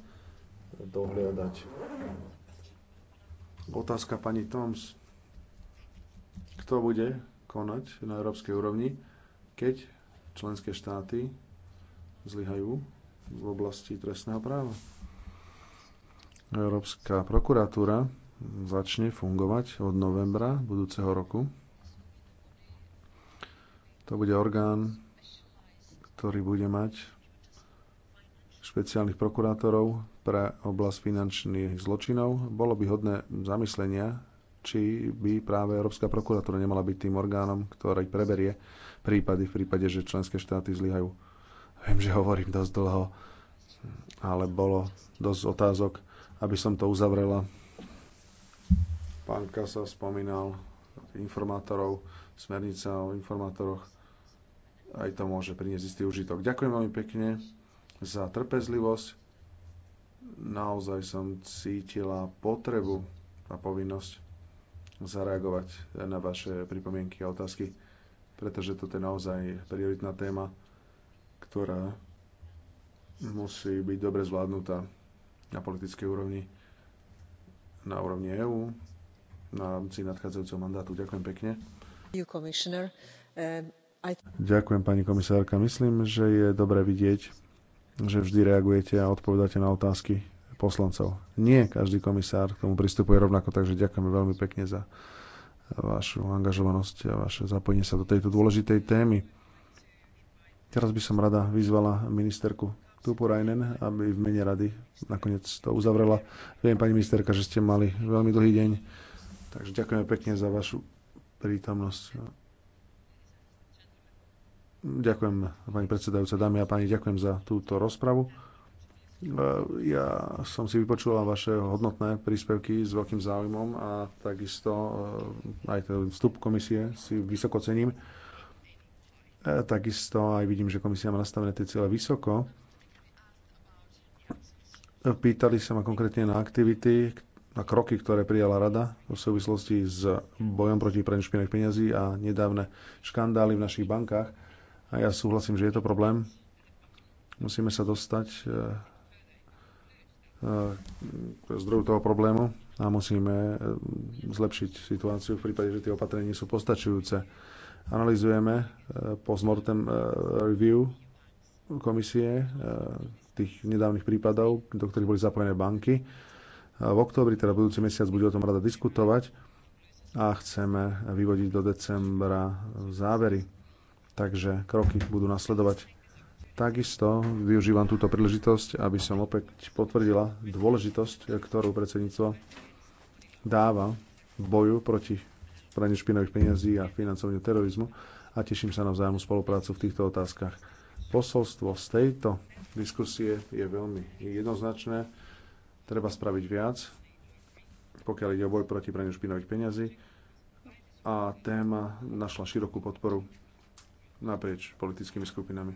dohliadať. Otázka pani Toms. Kto bude konať na európskej úrovni, keď členské štáty zlyhajú v oblasti trestného práva? Európska prokuratúra začne fungovať od novembra budúceho roku. To bude orgán, ktorý bude mať špeciálnych prokurátorov pre oblasť finančných zločinov. Bolo by hodné zamyslenia, či by práve Európska prokuratúra nemala byť tým orgánom, ktorý preberie prípady v prípade, že členské štáty zlyhajú. Viem, že hovorím dosť dlho, ale bolo dosť otázok, aby som to uzavrela. Pán Kasa spomínal informátorov, smernica o informátoroch aj to môže priniesť istý užitok. Ďakujem veľmi pekne za trpezlivosť. Naozaj som cítila potrebu a povinnosť zareagovať na vaše pripomienky a otázky, pretože toto je naozaj prioritná téma, ktorá musí byť dobre zvládnutá na politickej úrovni, na úrovni EÚ, na rámci nadchádzajúceho mandátu. Ďakujem pekne. You, Ďakujem, pani komisárka. Myslím, že je dobre vidieť, že vždy reagujete a odpovedáte na otázky poslancov. Nie každý komisár k tomu pristupuje rovnako, takže ďakujeme veľmi pekne za vašu angažovanosť a vaše zapojenie sa do tejto dôležitej témy. Teraz by som rada vyzvala ministerku Tupurajnen, aby v mene rady nakoniec to uzavrela. Viem, pani ministerka, že ste mali veľmi dlhý deň, takže ďakujeme pekne za vašu prítomnosť. Ďakujem, pani predsedajúca, dámy a páni, ďakujem za túto rozpravu. E, ja som si vypočula vaše hodnotné príspevky s veľkým záujmom a takisto e, aj ten vstup komisie si vysoko cením. E, takisto aj vidím, že komisia má nastavené tie cieľe vysoko. Pýtali sa ma konkrétne na aktivity, na kroky, ktoré prijala rada v súvislosti s bojom proti praniu špinavých peňazí a nedávne škandály v našich bankách a ja súhlasím, že je to problém. Musíme sa dostať eh, eh, k zdroju toho problému a musíme eh, zlepšiť situáciu v prípade, že tie opatrenia sú postačujúce. Analizujeme postmortem review komisie tých nedávnych prípadov, do ktorých boli zapojené banky. V októbri, teda budúci mesiac, bude o tom rada diskutovať a chceme vyvodiť do decembra závery takže kroky budú nasledovať. Takisto využívam túto príležitosť, aby som opäť potvrdila dôležitosť, ktorú predsedníctvo dáva v boju proti praniu špinavých peniazí a financovaniu terorizmu a teším sa na vzájomnú spoluprácu v týchto otázkach. Posolstvo z tejto diskusie je veľmi jednoznačné. Treba spraviť viac, pokiaľ ide o boj proti praniu špinavých peňazí a téma našla širokú podporu naprieč politickými skupinami.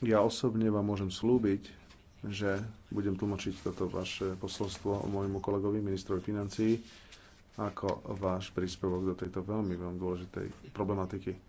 Ja osobne vám môžem slúbiť, že budem tlmočiť toto vaše posolstvo môjmu kolegovi, ministrovi financií, ako váš príspevok do tejto veľmi, veľmi dôležitej problematiky.